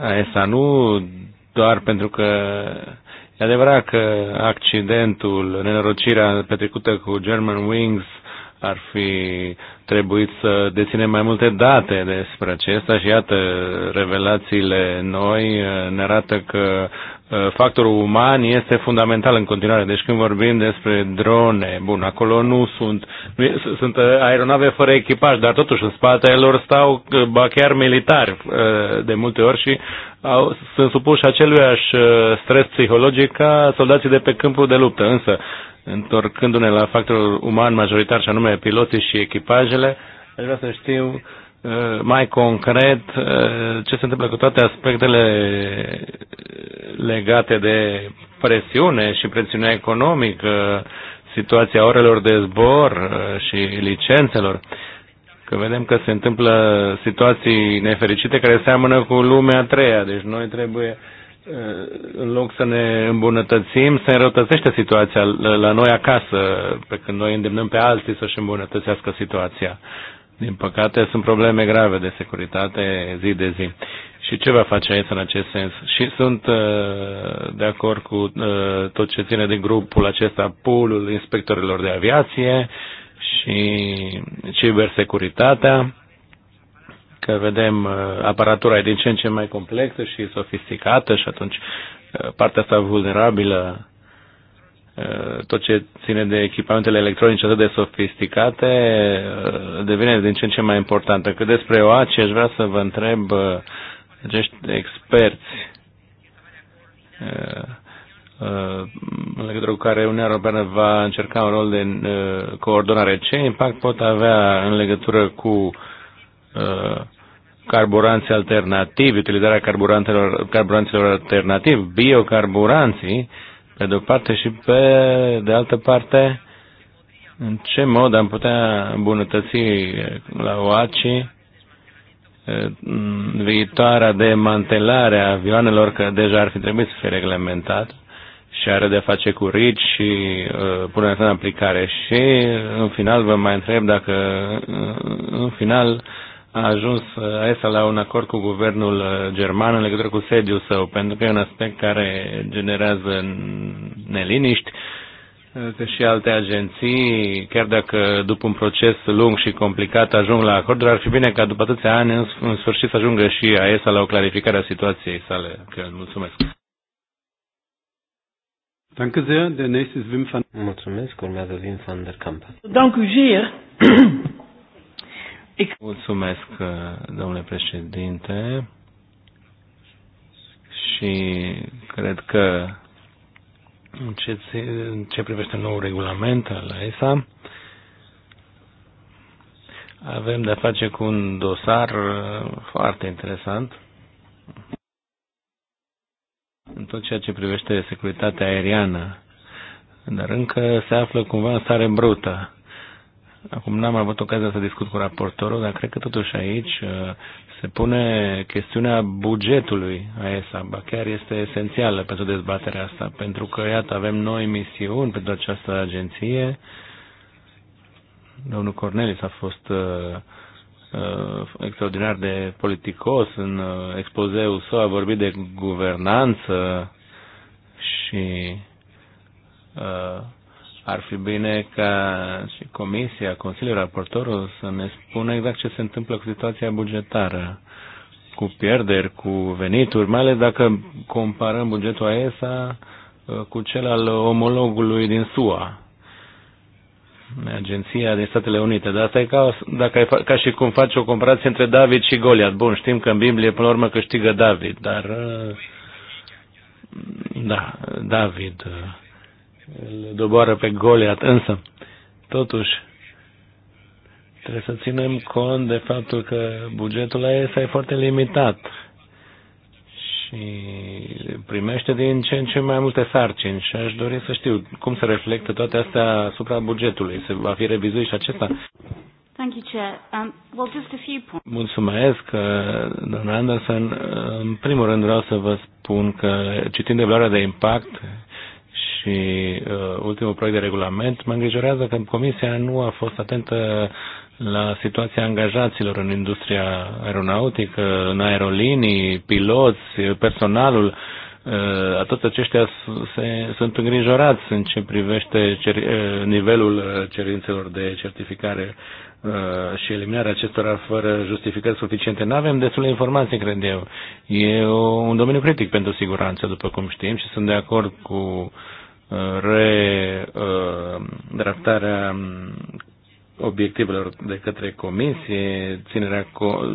AESA, nu doar pentru că e adevărat că accidentul, nenorocirea petrecută cu German Wings ar fi trebuit să deținem mai multe date despre acesta și iată, revelațiile noi eh, ne arată că Uh, factorul uman este fundamental în continuare. Deci când vorbim despre drone, bun, acolo nu sunt, nu, sunt uh, aeronave fără echipaj, dar totuși în spatele lor stau uh, ba chiar militari de multe ori și au, sunt supuși aceluiași stres psihologic ca soldații de pe câmpul de luptă. Însă, întorcându-ne la factorul uman majoritar, și anume piloții și echipajele, aș vrea să știu uh, Eh, mai concret eh, ce se întâmplă cu toate aspectele eh, legate de presiune și presiunea economică, situația orelor de zbor și licențelor. Că vedem că se întâmplă situații nefericite care seamănă cu lumea a treia, deci noi trebuie în loc să ne îmbunătățim, se înrăutățește situația la noi acasă, pe când noi îndemnăm pe alții să-și îmbunătățească situația. Din păcate, sunt probleme grave de securitate zi de zi. Și ce va face aici în acest sens? Și sunt uh, de acord cu uh, tot ce ține de grupul acesta, pulul inspectorilor de aviație și cibersecuritatea, că vedem uh, aparatura e din ce în ce mai complexă și sofisticată și atunci partea asta vulnerabilă Eh, tot ce ține de echipamentele electronice atât de sofisticate eh, devine din ce în ce mai importantă. Cât despre OACI, aș vrea să vă întreb eh, acești experți în legătură cu care Uniunea Europeană va încerca un rol de coordonare. Ce impact pot avea în legătură cu carburanți alternativi, utilizarea carburanților, alternativi, biocarburanții, pe de o parte și pe de altă parte în ce mod am putea îmbunătăți eh, la OACI eh, mm, viitoarea demantelare a avioanelor, că deja ar fi trebuit să fie reglementat și are de face cu rici și uh, punerea în aplicare. Și în final vă mai întreb dacă în final a ajuns ESA la un acord cu guvernul uh, german în legătură cu sediul său, pentru că e un aspect care generează neliniști și alte agenții, chiar dacă după un proces lung și complicat ajung la acorduri, ar fi bine ca după atâția ani în sfârșit să ajungă și AESA la o clarificare a situației sale. Că mulțumesc. Danke sehr. Der nächste ist Wim Mulțumesc. Urmează Wim van der Kamp. Danke sehr. Mulțumesc, domnule președinte. Și cred că în ce, în ce privește nou regulament al ESA, avem de-a face cu un dosar uh, foarte interesant în tot ceea ce privește securitatea aeriană, dar încă se află cumva în stare brută. Acum n-am avut ocazia să discut cu raportorul, dar cred că totuși aici uh, se pune chestiunea bugetului a ESA. Ba chiar este esențială pentru dezbaterea asta, pentru că, iată, avem noi misiuni pentru această agenție. Domnul Cornelis a fost uh, uh, extraordinar de politicos în uh, expozeul său, a vorbit de guvernanță și uh, ar fi bine ca și Comisia, Consiliul, Raportorul să ne spună exact ce se întâmplă cu situația bugetară, cu pierderi, cu venituri, mai ales dacă comparăm bugetul AESA uh, cu cel al omologului din SUA, agenția din Statele Unite. Dar asta e ca, dacă ai, ca și cum faci o comparație între David și Goliat. Bun, știm că în Biblie până la urmă câștigă David, dar uh, da, David uh, îl doboară pe Goliat, însă, totuși, trebuie să ținem cont de faptul că bugetul AESA e foarte limitat și primește din ce în ce mai multe sarcini și aș dori să știu cum se reflectă toate astea asupra bugetului. Se va fi revizuit și acesta? Thank you, Chair. Um, well, just a few points. Mulțumesc, uh, domnul Anderson. Uh, în primul rând vreau să vă spun că citind evaluarea de impact, și uh, ultimul proiect de regulament, mă îngrijorează că Comisia nu a fost atentă la situația angajaților în industria aeronautică, în aerolinii, piloți, personalul. Uh, toți aceștia se, sunt îngrijorați în ce privește cer, uh, nivelul uh, cerințelor de certificare uh, și eliminarea acestora fără justificări suficiente. Nu avem destule informații, cred eu. E un domeniu critic pentru siguranță, după cum știm, și sunt de acord cu redraftarea uh, obiectivelor de către comisie, ținerea,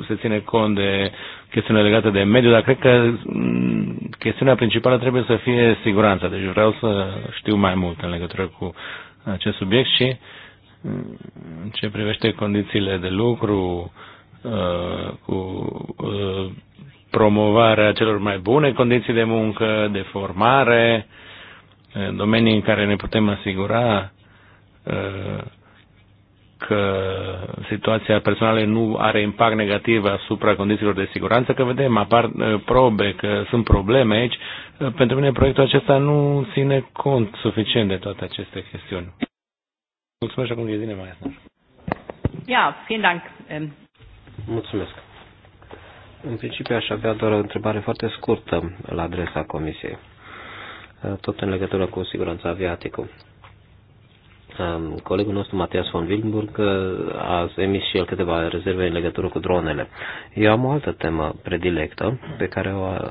se ține cont de chestiunea legate de mediu, dar cred că mm, chestiunea principală trebuie să fie siguranța. Deci vreau să știu mai mult în legătură cu acest subiect și mm, în ce privește condițiile de lucru, uh, cu uh, promovarea celor mai bune condiții de muncă, de formare, domenii în care ne putem asigura uh, că situația personală nu are impact negativ asupra condițiilor de siguranță, că vedem, apar uh, probe, că sunt probleme aici. Uh, pentru mine proiectul acesta nu ține cont suficient de toate aceste chestiuni. Mulțumesc acum, Ghezine asta. Ia, vielen Dank. Mulțumesc. În principiu aș avea doar o întrebare foarte scurtă la adresa Comisiei. Eh, tot în legătură cu siguranța aviatică. Colegul nostru, Matias von Wildenburg, eh, a emis și el câteva rezerve în legătură cu dronele. Eu am o altă temă predilectă pe care o eh,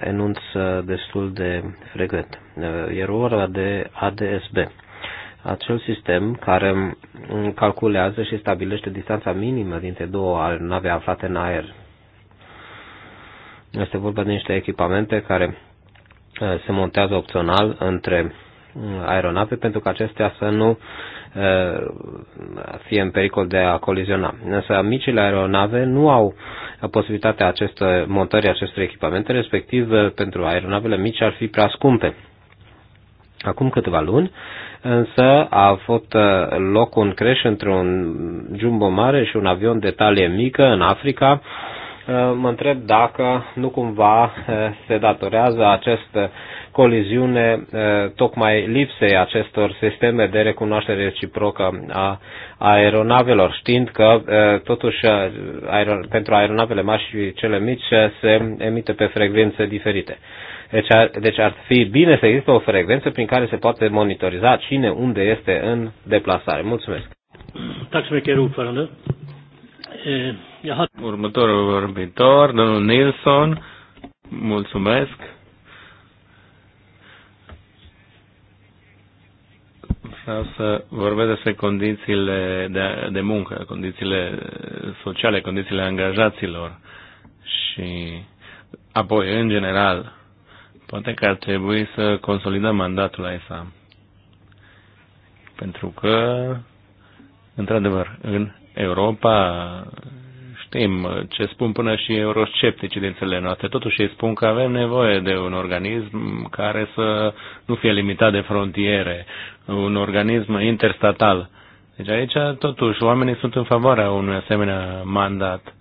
enunț destul de frecvent. E ora de ADSB, acel sistem care mm, calculează și stabilește distanța minimă dintre două nave aflate în aer. Este vorba de niște echipamente care Eh, se montează opțional între mm, aeronave pentru că acestea să nu eh, fie în pericol de a coliziona. Însă micile aeronave nu au posibilitatea acestă, montării acestor echipamente, respectiv eh, pentru aeronavele mici ar fi prea scumpe. Acum câteva luni, însă a avut loc un crash între un jumbo mare și un avion de talie mică în Africa, Uh, mă întreb dacă nu cumva uh, se datorează această coliziune uh, tocmai lipsei acestor sisteme de recunoaștere reciprocă a aeronavelor, știind că totuși pentru aeronavele mari și cele mici se emite pe frecvențe diferite. Deci ar, deci ar fi bine să există o frecvență prin care se poate monitoriza cine unde este în deplasare. Mulțumesc. Tack så mycket, ordförande. Următorul vorbitor, domnul Nilsson, mulțumesc. Vreau să vorbesc despre condițiile de, de muncă, condițiile sociale, condițiile angajaților și apoi, în general, poate că ar trebui să consolidăm mandatul AESA. Pentru că, într-adevăr, în Europa Știm ce spun până și eurosceptici din țările noastre. Totuși îi spun că avem nevoie de un organism care să nu fie limitat de frontiere, un organism interstatal. Deci aici, totuși, oamenii sunt în favoarea unui asemenea mandat.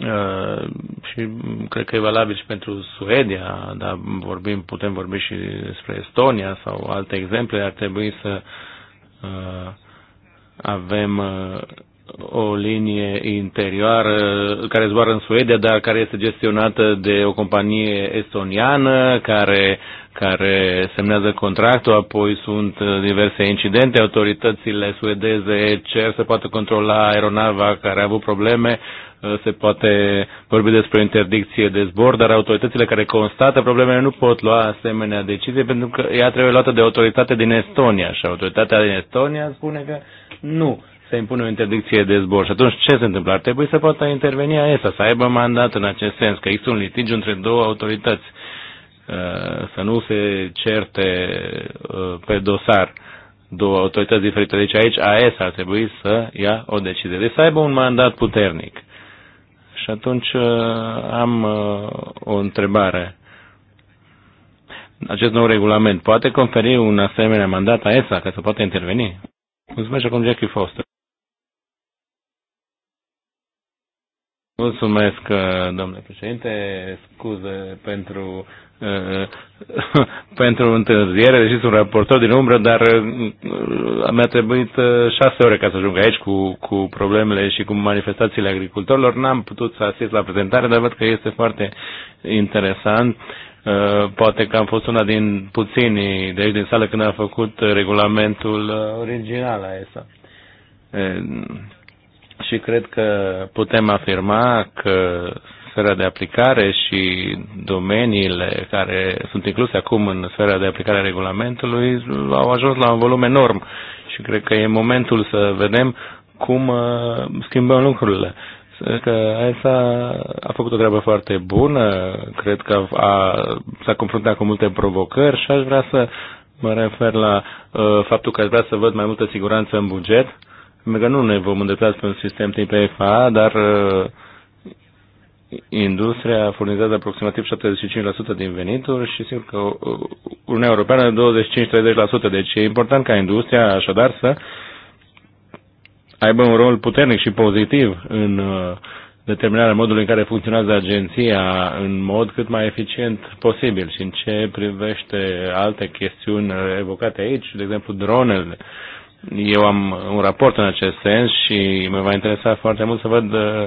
Uh, și cred că e valabil și pentru Suedia, dar vorbim, putem vorbi și despre Estonia sau alte exemple. Ar trebui să uh, avem uh, o linie interioară care zboară în Suedia, dar care este gestionată de o companie estoniană care, care semnează contractul, apoi sunt diverse incidente, autoritățile suedeze cer să poată controla aeronava care a avut probleme, se poate vorbi despre o interdicție de zbor, dar autoritățile care constată problemele nu pot lua asemenea decizie pentru că ea trebuie luată de autoritate din Estonia și autoritatea din Estonia spune că nu se impune o interdicție de zbor. Și atunci ce se întâmplă? Ar trebui să poată interveni AESA, să aibă mandat în acest sens, că există un litigiu între două autorități, uh, să nu se certe uh, pe dosar două autorități diferite. Deci aici AESA ar trebui să ia o decizie. Deci să aibă un mandat puternic. Și atunci uh, am o întrebare. Acest nou regulament poate conferi un asemenea mandat a ESA ca să poată interveni? Mulțumesc acum Jackie Foster. Mulțumesc, uh, domnule președinte. Scuze pentru uh, pentru întârziere, deși sunt raportor din umbră, dar uh, mi-a trebuit șase ore ca să ajung aici cu, cu problemele și cu manifestațiile agricultorilor. N-am putut să asist la prezentare, dar văd că este foarte interesant. Poate că am fost una din puținii de aici din sală când am făcut regulamentul original a ESA și cred că putem afirma că sfera de aplicare și domeniile care sunt incluse acum în sfera de aplicare a regulamentului au ajuns la un volum enorm și cred că e momentul să vedem cum uh, schimbăm lucrurile. Că ESA a făcut o treabă foarte bună, cred că s-a confruntat cu multe provocări și aș vrea să mă refer la uh, faptul că aș vrea să văd mai multă siguranță în buget pentru că nu ne vom îndrepta spre un sistem tip FA, dar uh, industria furnizează aproximativ 75% din venituri și sigur că uh, Uniunea Europeană 25-30%. Deci e important ca industria așadar să aibă un rol puternic și pozitiv în uh, determinarea modului în care funcționează agenția în mod cât mai eficient posibil și în ce privește alte chestiuni evocate aici, de exemplu dronele. Uh, eu am un raport în acest sens și mă va interesa foarte mult să văd uh,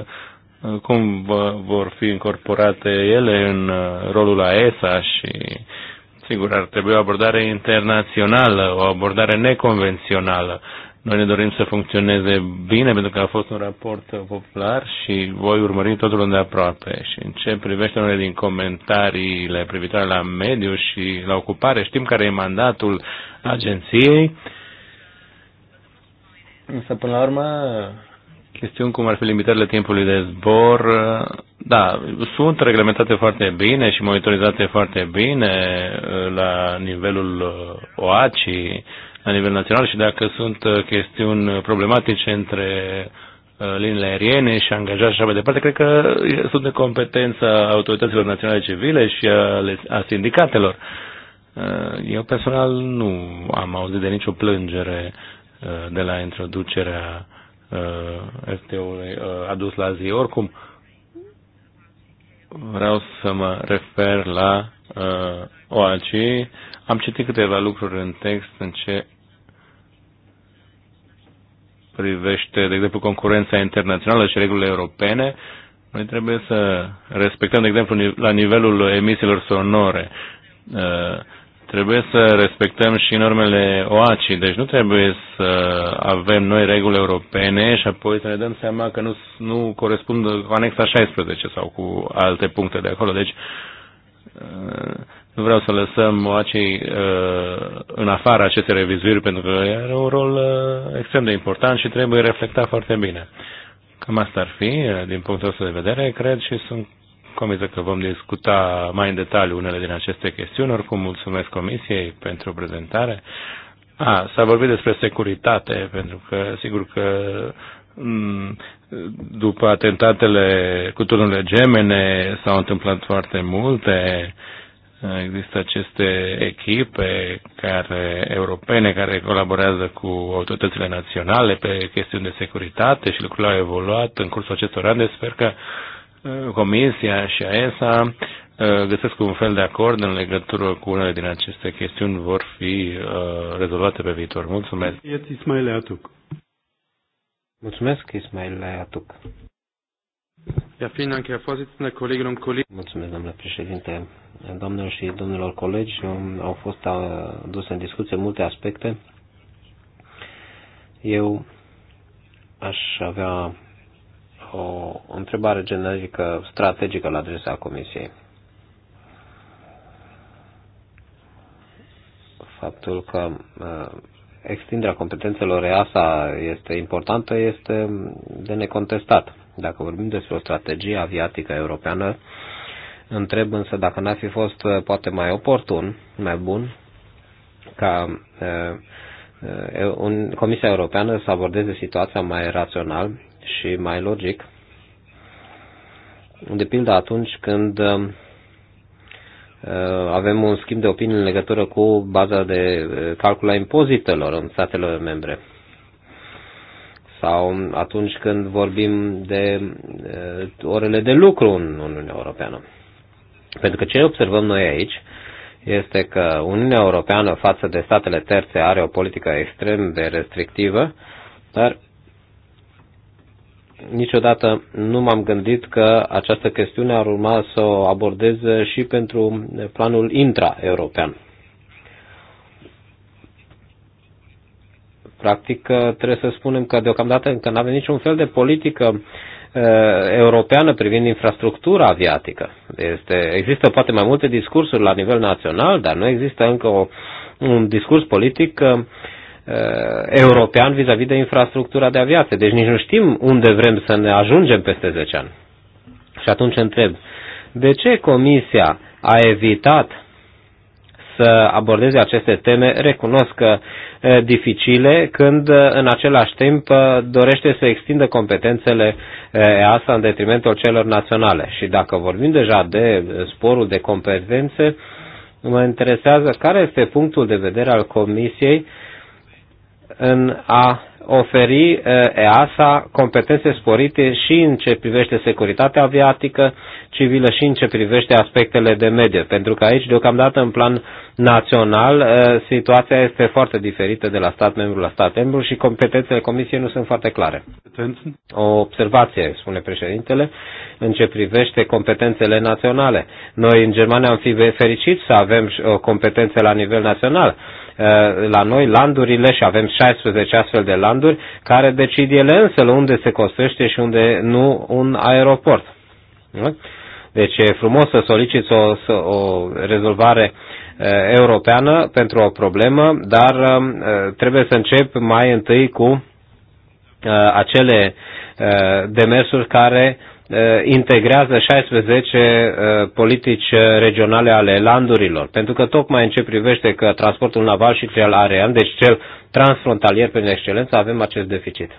cum vor fi incorporate ele în uh, rolul ESA și sigur ar trebui o abordare internațională, o abordare neconvențională. Noi ne dorim să funcționeze bine pentru că a fost un raport popular și voi urmări totul aproape Și în ce privește unele din comentariile privitoare la mediu și la ocupare, știm care e mandatul agenției. Însă, până la urmă, chestiuni cum ar fi limitările timpului de zbor, da, sunt reglementate foarte bine și monitorizate foarte bine uh, la nivelul uh, OACI, la nivel național și dacă sunt uh, chestiuni problematice între liniile aeriene și angajați și așa mai departe, cred că sunt de competența autorităților naționale civile și a sindicatelor. Eu personal nu am auzit de nicio plângere uh, de la introducerea uh, FTO-ului uh, adus la zi. Oricum, vreau să mă refer la uh, OACI. Am citit câteva lucruri în text în ce privește, de exemplu, concurența internațională și regulile europene. Noi trebuie să respectăm, de exemplu, la nivelul emisiilor sonore. Uh, Trebuie să respectăm și normele OACI, deci nu trebuie să avem noi reguli europene și apoi să ne dăm seama că nu, nu corespund cu anexa 16 sau cu alte puncte de acolo. Deci uh, nu vreau să lăsăm OACI uh, în afara acestei revizuiri pentru că are un rol uh, extrem de important și trebuie reflectat foarte bine. Cam asta ar fi, din punctul ăsta de vedere, cred și sunt convinsă că vom discuta mai în detaliu unele din aceste chestiuni. Oricum, mulțumesc Comisiei pentru prezentare. A, s-a vorbit despre securitate, pentru că, sigur că mm, după atentatele cu turnurile gemene s-au întâmplat foarte multe. Există aceste echipe care, europene care colaborează cu autoritățile naționale pe chestiuni de securitate și lucrurile au evoluat în cursul acestor ani. Deci, sper că uh, Uh, comisia și AESA uh, găsesc un fel de acord în legătură cu unele din aceste chestiuni vor fi uh, rezolvate pe viitor. Mulțumesc. Mulțumesc, Ismail Atuc. Mulțumesc, Ismail Atuc. Ja, vielen Dank, Herr Vorsitzender, Kolleginnen und Kollegen. Mulțumesc, domnule președinte. Domnilor și domnilor colegi, au fost aduse în discuție multe aspecte. Eu aș avea o întrebare generică, strategică la adresa Comisiei. Faptul că uh, extinderea competențelor EASA este importantă este de necontestat. Dacă vorbim despre o strategie aviatică europeană, întreb însă dacă n-ar fi fost uh, poate mai oportun, mai bun, ca uh, Comisia Europeană să abordeze situația mai rațional și mai logic. De pildă atunci când uh, uh, avem un schimb de opinii în legătură cu baza de uh, calcul a impozitelor în statele membre. Sau atunci când vorbim de orele de lucru în Uniunea Europeană. Pentru că ce observăm noi aici este că Uniunea Europeană față de statele terțe are o politică extrem de restrictivă, dar niciodată nu m-am gândit că această chestiune ar urma să o abordez și pentru planul intra-european. Practic, trebuie să spunem că deocamdată încă nu avem niciun fel de politică eh, europeană privind infrastructura aviatică. Este, există poate mai multe discursuri la nivel național, dar nu există încă o, un discurs politic eh, Uh, european vis-a-vis -vis de infrastructura de aviație. Deci nici nu știm unde vrem să ne ajungem peste 10 ani. Și atunci întreb, de ce Comisia a evitat să abordeze aceste teme, recunosc că uh, dificile, când uh, în același timp dorește să extindă competențele EASA în detrimentul celor naționale. Și dacă vorbim deja de sporul de competențe, mă interesează care este punctul de vedere al Comisiei în a oferi eh, EASA competențe sporite și în ce privește securitatea aviatică civilă și în ce privește aspectele de mediu. Pentru că aici, deocamdată, în plan național, eh, situația este foarte diferită de la stat membru la stat membru și competențele Comisiei nu sunt foarte clare. O observație, spune președintele, în ce privește competențele naționale. Noi, în Germania, am fi fericiți să avem competențe la nivel național Eh, la noi landurile și avem 16 astfel de landuri care decid ele însă unde se construiește și unde nu un aeroport. Deci e frumos să soliciți o, o rezolvare eh, europeană pentru o problemă, dar eh, trebuie să încep mai întâi cu acele demersuri care Uh, integrează 16 uh, politici uh, regionale ale landurilor. Pentru că tocmai în ce privește că transportul naval și cel aerian, deci cel transfrontalier prin excelență, avem acest deficit.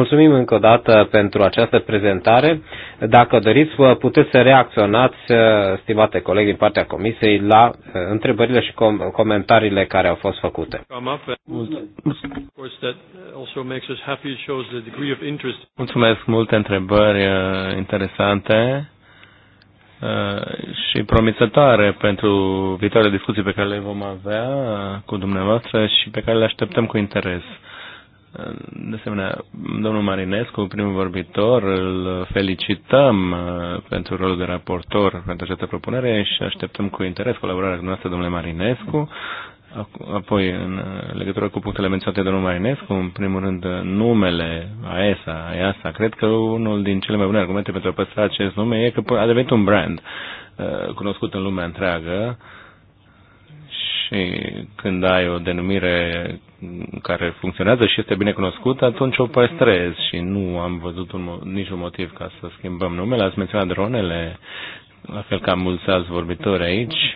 Mulțumim încă o dată pentru această prezentare. Dacă doriți, vă puteți să reacționați, uh, stimate colegi din partea Comisiei, la uh, întrebările și com- comentariile care au fost făcute. Mulțumesc, multe întrebări uh, interesante și promițătoare pentru viitoarele discuții pe care le vom avea cu dumneavoastră și pe care le așteptăm cu interes. De asemenea, domnul Marinescu, primul vorbitor, îl felicităm uh, pentru rolul de raportor pentru această propunere și așteptăm cu interes colaborarea noastră, domnule Marinescu. Apoi, în legătură cu punctele menționate de domnul Marinescu, în primul rând, numele AESA, AESA, cred că unul din cele mai bune argumente pentru a păstra acest nume e că a devenit un brand uh, cunoscut în lumea întreagă și când ai o denumire care funcționează și este bine cunoscută, atunci o păstrez și nu am văzut un, niciun motiv ca să schimbăm numele. Ați menționat dronele, la fel ca mulți alți vorbitori aici.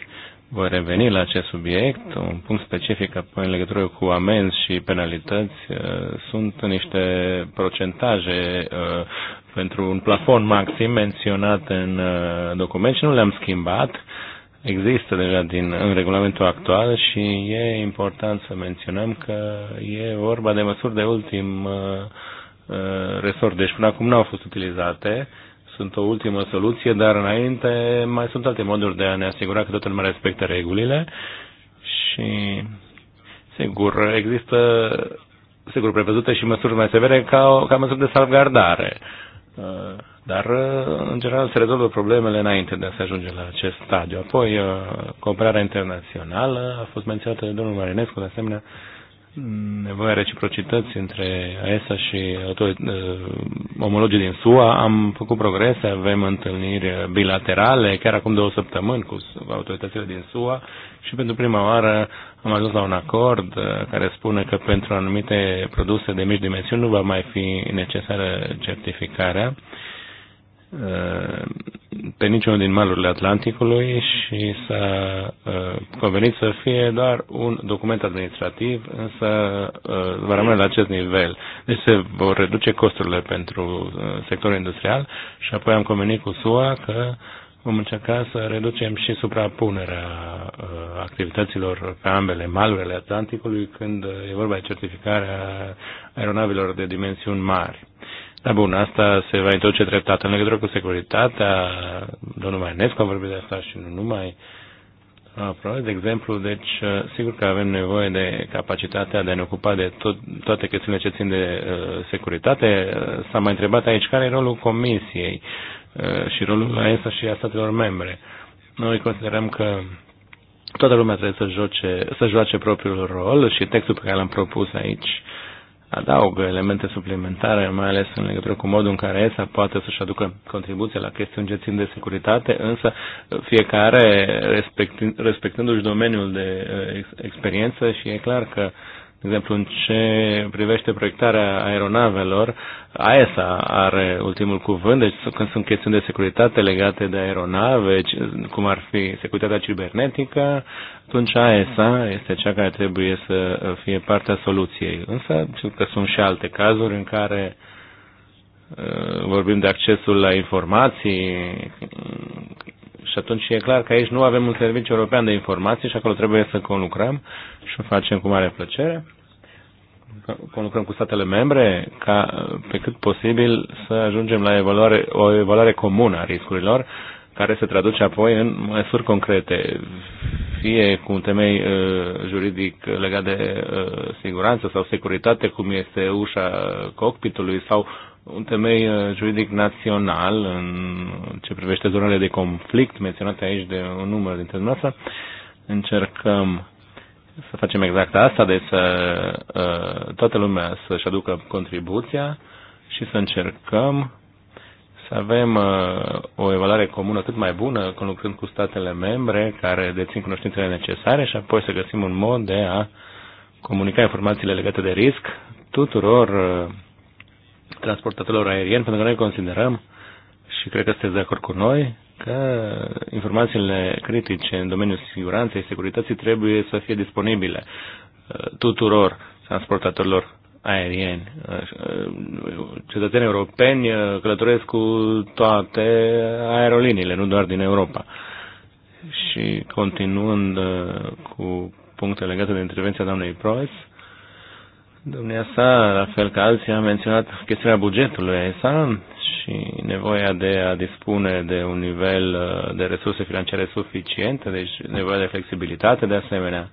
Voi reveni la acest subiect. Un punct specific în legătură cu amenzi și penalități uh, sunt niște procentaje uh, pentru un plafon maxim menționat în uh, document și nu le-am schimbat există deja din, în regulamentul actual și e important să menționăm că e vorba de măsuri de ultim uh, uh resort. Deci până acum nu au fost utilizate, sunt o ultimă soluție, dar înainte mai sunt alte moduri de a ne asigura că toată lumea respectă regulile și sigur există sigur prevăzute și măsuri mai severe ca, ca măsuri de salvgardare. Uh, dar, uh, în general, se rezolvă problemele înainte de a se ajunge la acest stadiu. Apoi, uh, cooperarea internațională a fost menționată de domnul Marinescu, de asemenea, nevoia reciprocității între AESA și uh, omologii din SUA. Am făcut progrese, avem întâlniri bilaterale, chiar acum două săptămâni cu autoritățile din SUA și pentru prima oară am ajuns la un acord care spune că pentru anumite produse de mici dimensiuni nu va mai fi necesară certificarea Uh, pe niciunul din malurile Atlanticului și s-a uh, convenit să fie doar un document administrativ, însă uh, va rămâne la acest nivel. Deci se vor reduce costurile pentru sectorul industrial și apoi am convenit cu SUA că vom încerca să reducem și suprapunerea activităților pe ambele maluri ale Atlanticului când e vorba de certificarea aeronavilor de dimensiuni mari. Da, bun, asta se va întoarce treptat în legătură cu securitatea, nu numai a vorbit de asta și nu numai Probabil, de exemplu, deci uh, sigur că avem nevoie de capacitatea de a ne ocupa de tot, toate chestiunile ce țin de uh, securitate. Uh, s-a mai întrebat aici care e rolul Comisiei uh, și rolul ESA și a statelor membre. Noi considerăm că toată lumea trebuie să, joace, să joace propriul rol și textul pe care l-am propus aici uh, adaugă elemente suplimentare, mai ales în legătură cu modul în care ESA poate să-și aducă contribuția la chestiuni ce țin de securitate, însă fiecare respectându-și domeniul de eh, experiență și e clar că uh, de exemplu, în ce privește proiectarea aeronavelor, AESA are ultimul cuvânt, deci când sunt chestiuni de securitate legate de aeronave, cum ar fi securitatea cibernetică, atunci AESA este cea care trebuie să fie partea soluției. Însă, știu că sunt și alte cazuri în care uh, vorbim de accesul la informații, și atunci e clar că aici nu avem un serviciu european de informații și acolo trebuie să conlucrăm și o facem cu mare plăcere. Conlucrăm cu statele membre ca pe cât posibil să ajungem la evaluare, o evaluare comună a riscurilor care se traduce apoi în măsuri concrete, fie cu un temei uh, juridic legat de uh, siguranță sau securitate, cum este ușa cockpitului sau un temei uh, juridic național în ce privește zonele de conflict menționate aici de un număr dintre noastre. Încercăm să facem exact asta, deci să uh, toată lumea să-și aducă contribuția și să încercăm să avem uh, o evaluare comună cât mai bună, conlucrând cu statele membre care dețin cunoștințele necesare și apoi să găsim un mod de a comunica informațiile legate de risc tuturor transportatorilor aerieni, pentru că noi considerăm, și cred că sunteți de acord cu noi, că informațiile critice în domeniul siguranței, și securității trebuie să fie disponibile uh, tuturor transportatorilor aerieni. Uh, cetățenii europeni uh, călătoresc cu toate aeroliniile, nu doar din Europa. Și continuând cu punctele legate de intervenția doamnei Proes, Domnia sa, la fel ca alții, a menționat chestiunea bugetului ESA și nevoia de a dispune de un nivel uh, de resurse financiare suficiente, deci nevoia de flexibilitate de asemenea.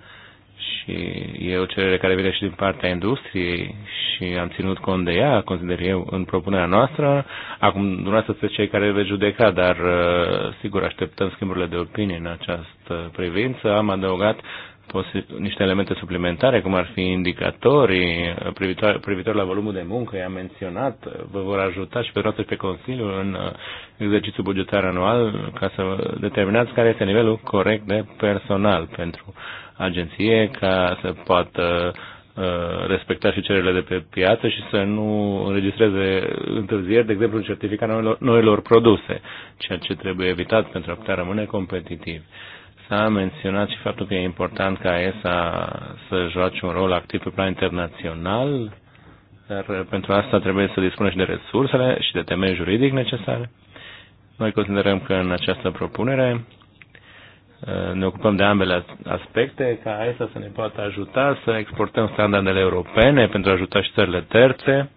Și e o cerere care vine și din partea industriei și am ținut cont de ea, consider eu, în propunerea noastră. Acum, dumneavoastră sunteți cei care veți judeca, dar uh, sigur așteptăm schimburile de opinie în această privință. Am adăugat niște elemente suplimentare, cum ar fi indicatorii uh, privitor, privitor la volumul de muncă, i-am menționat, uh, vă vor ajuta și pe toate pe Consiliu în uh, exercițiul bugetar anual ca să determinați care este nivelul corect de personal pentru agenție, ca să poată respecta și cererile de pe piață și să nu înregistreze întârzieri, de exemplu, în certificarea noilor, noilor produse, ceea ce trebuie evitat pentru a putea rămâne competitiv. S-a menționat și faptul că e important ca ESA să joace un rol activ pe plan internațional, dar pentru asta trebuie să dispună și de resursele și de temei juridic necesare. Noi considerăm că în această propunere uh, ne ocupăm de ambele aspecte, ca ESA să ne poată ajuta să exportăm standardele europene pentru a ajuta și țările terțe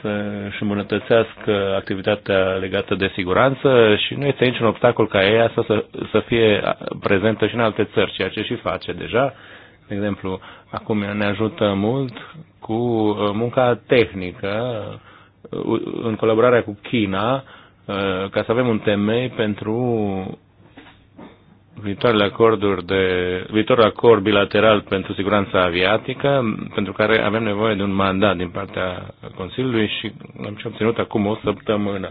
să își îmbunătățească activitatea legată de siguranță și nu este niciun obstacol ca ea să, să, să fie prezentă și în alte țări, ceea ce și face deja. De exemplu, acum ne ajută mult cu uh, munca tehnică uh, în colaborarea cu China uh, ca să avem un temei pentru viitoarele acorduri de, viitorul acord bilateral pentru siguranța aviatică, pentru care avem nevoie de un mandat din partea Consiliului și am și obținut acum o săptămână.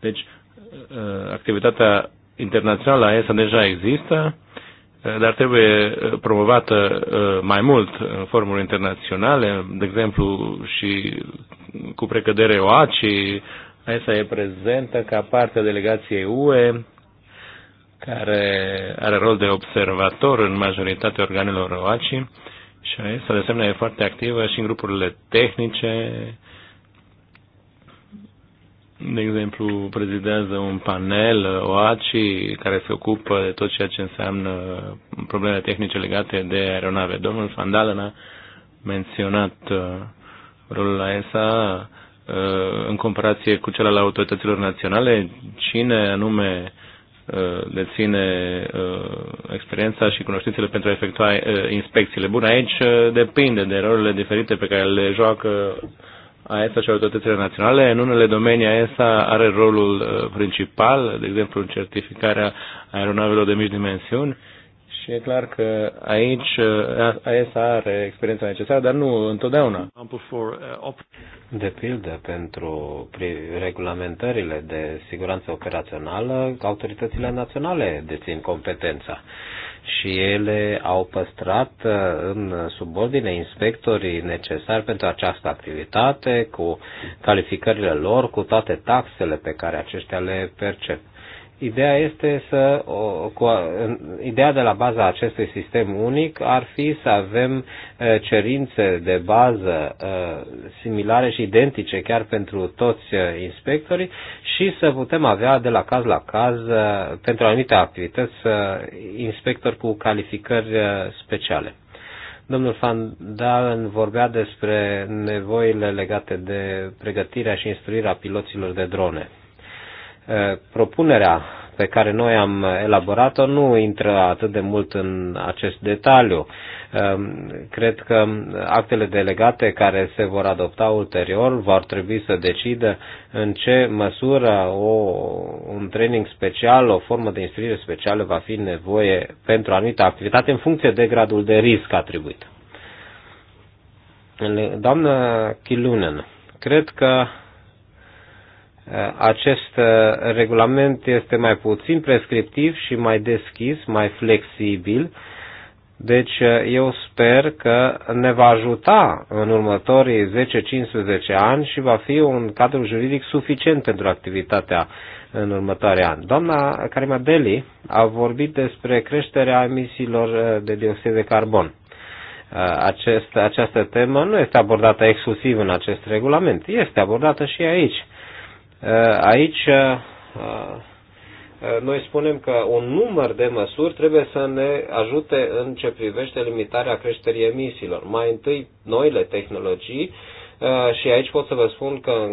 Deci, uh, activitatea internațională a ESA deja există, uh, dar trebuie uh, promovată mai mult în formuri internaționale, de exemplu și cu precădere OACI, ESA e prezentă ca parte a delegației UE, care are rol de observator în majoritatea organelor OACI și este de asemenea foarte activă și în grupurile tehnice. De exemplu, prezidează un panel OACI care se ocupă de tot ceea ce înseamnă probleme tehnice legate de aeronave. Domnul Fandalen a menționat uh, rolul ESA uh, în comparație cu cel al autorităților naționale, cine anume Uh, deține uh, experiența și cunoștințele pentru a efectua uh, inspecțiile. Bun, aici depinde de rolurile diferite pe care le joacă AESA și autoritățile naționale. În unele domenii AESA are rolul principal, de exemplu în certificarea aeronavelor de mici dimensiuni, și e clar că aici AESA uh, are experiența necesară, dar nu întotdeauna. Uh, de pildă, pentru regulamentările de siguranță operațională, autoritățile naționale dețin competența și ele au păstrat uh, în subordine inspectorii necesari pentru această activitate, cu calificările lor, cu toate taxele pe care aceștia le percep. Ideea este să, o, cu, ideea de la baza acestui sistem unic ar fi să avem uh, cerințe de bază uh, similare și identice chiar pentru toți uh, inspectorii și să putem avea de la caz la caz pentru anumite activități inspectori cu calificări speciale. Domnul Van Dalen vorbea despre nevoile legate de pregătirea și instruirea piloților de drone Eh, propunerea pe care noi am elaborat-o nu intră atât de mult în acest detaliu. Eh, cred că actele delegate care se vor adopta ulterior vor trebui să decidă în ce măsură o, un training special, o formă de instruire specială va fi nevoie pentru anumită activitate în funcție de gradul de risc atribuit. Doamnă Chilunen, cred că Uh, acest uh, regulament este mai puțin prescriptiv și mai deschis, mai flexibil. Deci uh, eu sper că ne va ajuta în următorii 10-15 ani și va fi un cadru juridic suficient pentru activitatea în următoarea ani. Doamna Karima Deli a vorbit despre creșterea emisiilor de dioxid de carbon. Acest, această temă nu este abordată exclusiv în acest regulament, este abordată și aici Uh, aici uh, uh, noi spunem că un număr de măsuri trebuie să ne ajute în ce privește limitarea creșterii emisiilor. Mai întâi, noile tehnologii, și aici pot să vă spun că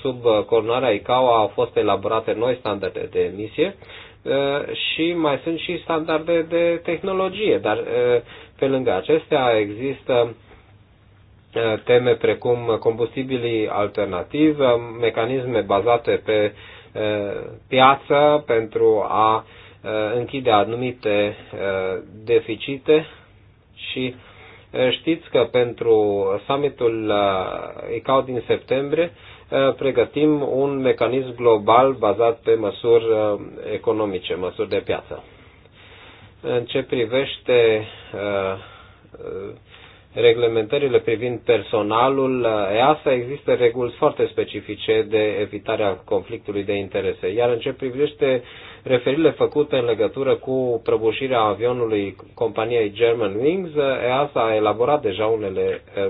sub coordonarea ICAO au fost elaborate noi standarde de emisie și mai sunt și standarde de tehnologie, dar pe lângă acestea există Uh, teme precum combustibilii alternativi, mecanisme bazate pe uh, piață pentru a uh, închide anumite deficite și știți că pentru summitul ICAO din septembrie pregătim un mecanism global bazat pe măsuri economice, măsuri de piață. În ce privește reglementările privind personalul EASA există reguli foarte specifice de evitarea conflictului de interese. Iar în ce privește referirile făcute în legătură cu prăbușirea avionului companiei German Wings, EASA a elaborat deja unele eh,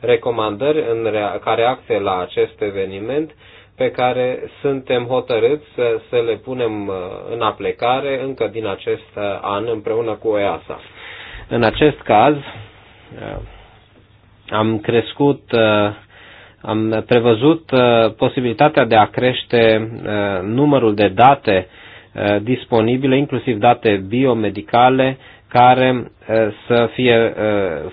recomandări în ca reacție la acest eveniment pe care suntem hotărâți să, să le punem eh, în aplicare încă din acest eh, an împreună cu EASA. În acest caz, Uh, am crescut, uh, am prevăzut uh, posibilitatea de a crește numărul de date disponibile, inclusiv date biomedicale, care să fie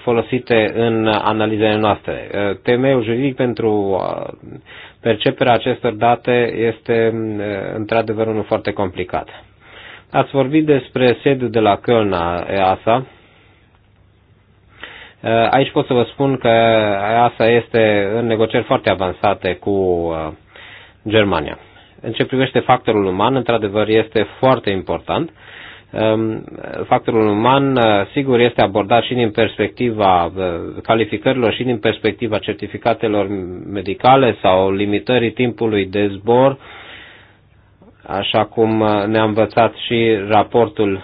folosite în analizele noastre. Temeiul juridic pentru perceperea acestor date este într-adevăr unul foarte complicat. Ați vorbit despre sediul de la Köln EASA. Uh, aici pot să vă spun că asta este în negocieri foarte avansate cu uh, Germania. În ce privește factorul uman, într-adevăr, este foarte important. Um, factorul uman, uh, sigur, este abordat și din perspectiva calificărilor și din perspectiva certificatelor medicale sau limitării timpului de zbor, așa cum ne-a învățat și raportul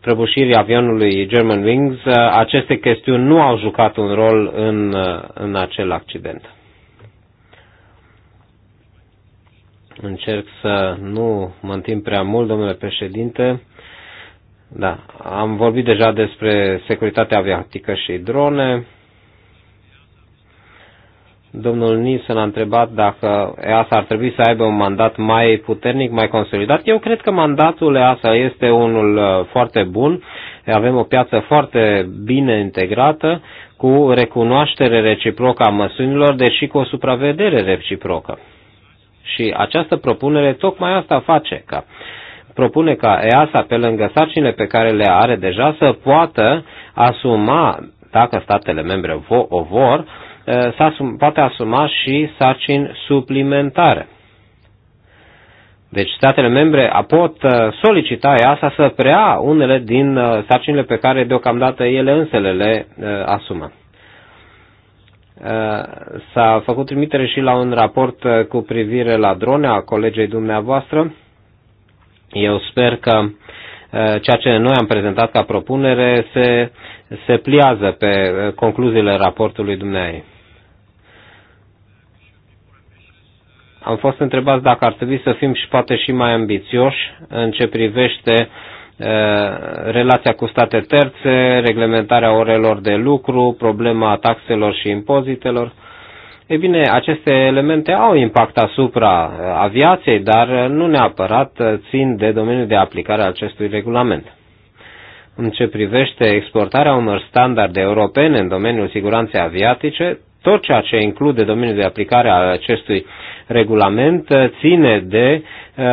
prăbușirii avionului Germanwings, uh, aceste chestiuni nu au jucat un rol în, uh, în acel accident. Încerc să nu mă întind prea mult, domnule președinte. Da, am vorbit deja despre securitatea aviatică și drone. Domnul Nilsson a întrebat dacă EASA ar trebui să aibă un mandat mai puternic, mai consolidat. Eu cred că mandatul EASA este unul uh, foarte bun. Avem o piață foarte bine integrată, cu recunoaștere reciprocă a măsurilor, deși cu o supraveghere reciprocă. Și această propunere tocmai asta face, ca propune ca EASA, pe lângă sarcinile pe care le are deja, să poată asuma, dacă statele membre o vor, Eh, poate asuma și sarcini suplimentare. Deci statele membre pot eh, solicita EASA să prea unele din eh, sarcinile pe care deocamdată ele însele le asumă. S-a făcut trimitere și la un raport cu privire la drone a colegei dumneavoastră. Eu sper că ceea ce noi am prezentat ca propunere se, se pliază pe concluziile raportului dumneavoastră. am fost întrebați dacă ar trebui să fim și poate și mai ambițioși în ce privește relația cu state terțe, reglementarea orelor de lucru, problema taxelor și impozitelor. Ei bine, aceste elemente au impact asupra aviației, dar nu neapărat țin de domeniul de aplicare a acestui regulament. În ce privește exportarea unor standarde europene în domeniul siguranței aviatice, tot ceea ce include domeniul de aplicare a acestui regulament uh, ține de uh,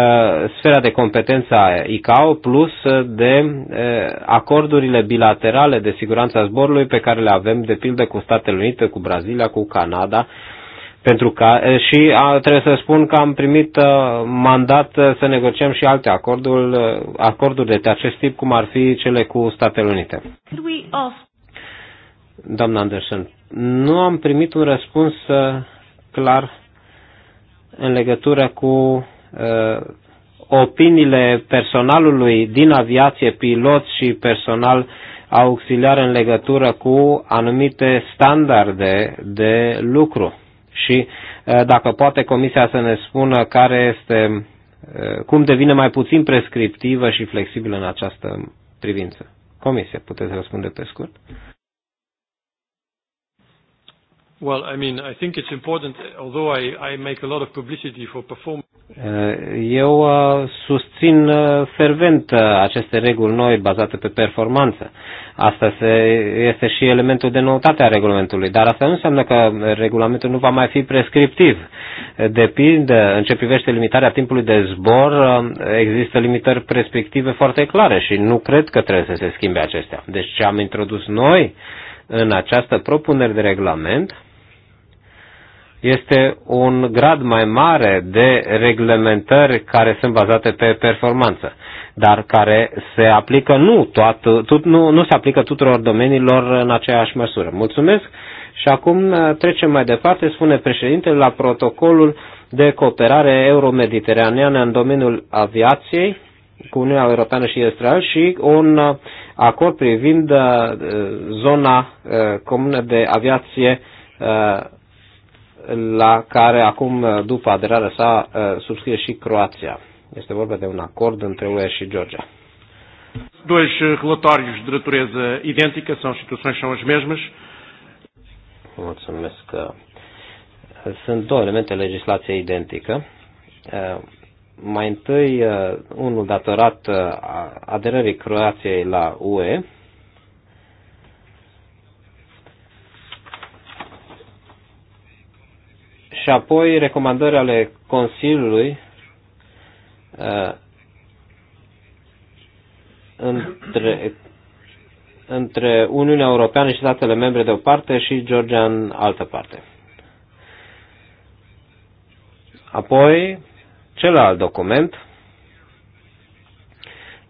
sfera de competență a ICAO plus uh, de acordurile bilaterale de siguranță a zborului pe care le avem de pildă cu Statele Unite, cu Brazilia, cu Canada, pentru că și a, trebuie să spun că am primit a, mandat să negociem și alte acorduri, acorduri de acest tip, cum ar fi cele cu Statele Unite. Doamna Anderson, nu am primit un răspuns clar în legătură cu uh, opiniile personalului din aviație, pilot și personal auxiliar în legătură cu anumite standarde de lucru. Și uh, dacă poate Comisia să ne spună care este, uh, cum devine mai puțin prescriptivă și flexibilă în această privință. Comisie, puteți răspunde pe scurt? Uh, Well, I mean, I think it's important, although I, I make a lot of publicity for performance. Eh, eu uh, susțin uh, fervent uh, aceste reguli noi bazate pe performanță. Asta se, este și elementul de noutate a regulamentului, dar asta nu înseamnă că regulamentul nu va mai fi prescriptiv. Depinde, în ce privește limitarea timpului de zbor, există limitări prescriptive foarte clare și nu cred că trebuie să se schimbe acestea. Deci ce am introdus noi în această propunere de regulament este un grad mai mare de reglementări care sunt bazate pe performanță, dar care se aplică nu, toată, tut, nu, nu se aplică tuturor domeniilor în aceeași măsură. Mulțumesc și acum uh, trecem mai departe, spune președintele, la protocolul de cooperare euromediteraneană în domeniul aviației cu Uniunea Europeană și Israel și un uh, acord privind uh, zona comună de aviație la care acum, uh, după aderarea sa, uh, subscrie și Croația. Este vorba de un acord între UE și Georgia. Dois uh, relatórios de natureza idêntica, são situații são as mesmas. Mulțumesc. Sunt două elemente legislație identică. Mai întâi, unul datorat aderării Croației la UE și apoi recomandări ale Consiliului uh, între, între Uniunea Europeană și statele membre de o parte și Georgia în altă parte. Apoi, celălalt document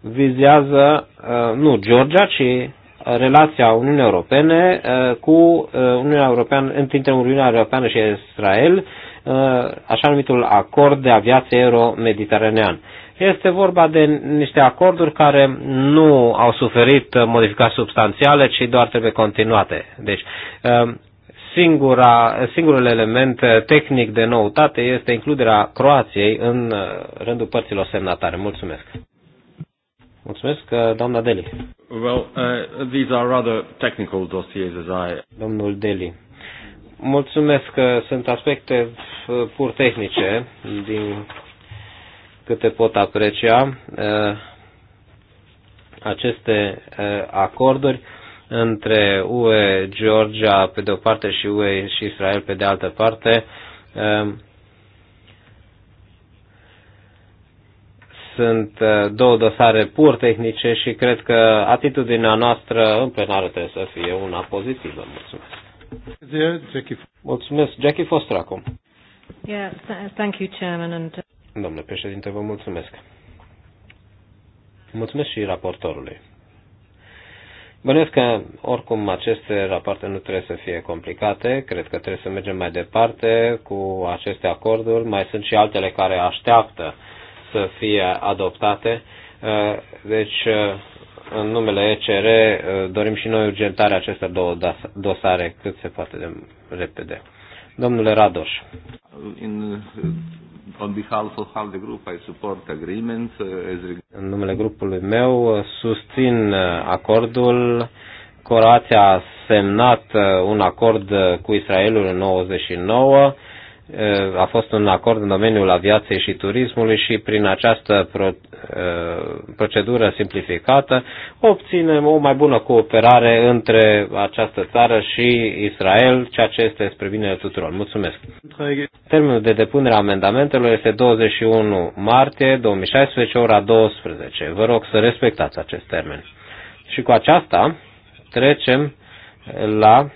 vizează uh, nu Georgia, ci relația Uniunii Europene eh, cu eh, Uniunea Europeană, între Uniunea Europeană și Israel, eh, așa numitul acord de aviație euro-mediteranean. Este vorba de niște acorduri care nu au suferit modificări substanțiale, ci doar trebuie continuate. Deci, singura, singurul element tehnic de noutate este includerea Croației în rândul părților semnatare. Mulțumesc! Mulțumesc, uh, doamna Deli. Well, uh, these are rather technical dossiers as I... Domnul Deli. Mulțumesc că uh, sunt aspecte uh, pur tehnice, din câte pot aprecia aceste acorduri între UE, Georgia pe de o parte și UE și Israel pe de altă parte sunt uh, două dosare pur tehnice și cred că atitudinea noastră în plenară trebuie să fie una pozitivă. Mulțumesc. Mulțumesc. Jackie Foster acum. Yeah, thank you, Chairman. And... Uh, Domnule președinte, vă mulțumesc. Mulțumesc și raportorului. Bănuiesc că, oricum, aceste rapoarte nu trebuie să fie complicate. Cred că trebuie să mergem mai departe cu aceste acorduri. Mai sunt și altele care așteaptă să fie adoptate. Uh, deci, uh, în numele ECR, uh, dorim și noi urgentarea acestor două dosare cât se poate de repede. Domnule Radoș. In, on behalf of all the group, I support agreement. As... În numele grupului meu, susțin acordul. Croația a semnat un acord cu Israelul în 99 Eh, a fost un acord în domeniul aviației și turismului și prin această eh, procedură simplificată obținem o mai bună cooperare între această țară și Israel, ceea ce este spre binele tuturor. Mulțumesc! Termenul de depunere a amendamentelor este 21 martie 2016, ora 12. Vă rog să respectați acest termen. Și cu aceasta trecem la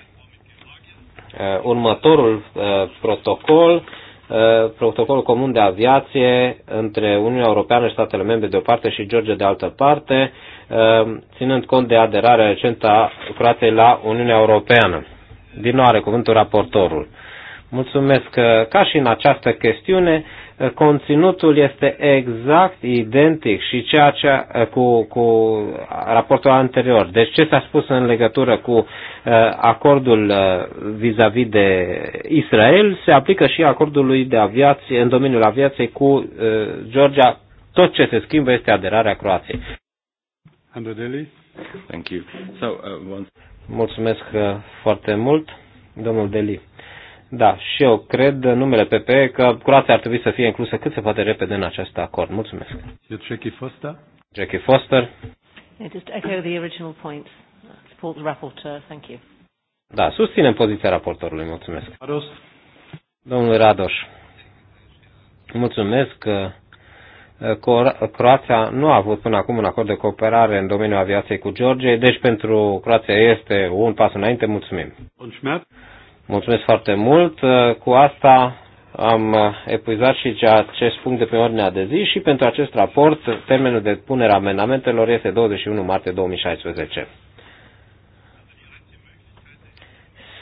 Uh, următorul uh, protocol, uh, protocolul comun de aviație între Uniunea Europeană și statele membre de o parte și Georgia de altă parte, ținând cont de aderarea recentă a Croației la Uniunea Europeană. Din nou are cuvântul raportorul. Mulțumesc. Ca și în această chestiune, conținutul este exact identic și ceea ce cu, cu raportul anterior. Deci ce s-a spus în legătură cu uh, acordul uh, vis-a-vis -vis de Israel se aplică și acordului de aviație în domeniul aviației cu uh, Georgia. Tot ce se schimbă este aderarea Croației. Thank you. So, uh, once... Mulțumesc foarte mult, domnul Deli. Da, și eu cred în numele PP că Croația ar trebui să fie inclusă cât se poate repede în acest acord. Mulțumesc. Jackie Foster. Jackie Foster. Yeah, just echo the original points. Support the rapporteur. Thank you. Da, susținem poziția raportorului. Mulțumesc. Rados. Domnul Rados. Mulțumesc că uh, Croația nu a avut până acum un acord de cooperare în domeniul aviației cu Georgia, deci pentru Croația este un pas înainte. Mulțumim. Un Mulțumesc foarte mult. Cu asta am epuizat și acest punct de pe ordinea de zi și pentru acest raport termenul de punere a amendamentelor este 21 martie 2016.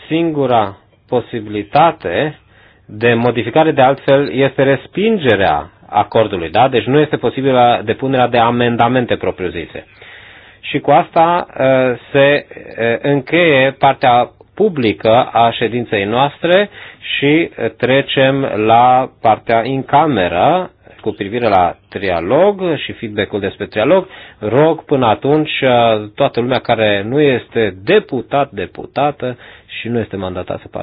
Singura posibilitate de modificare de altfel este respingerea acordului, da? Deci nu este posibilă depunerea de amendamente propriu-zise. Și cu asta uh, se uh, încheie partea publică a ședinței noastre și trecem la partea în cameră cu privire la trialog și feedback-ul despre trialog. Rog până atunci uh, toată lumea care nu este deputat, deputată și nu este mandatat să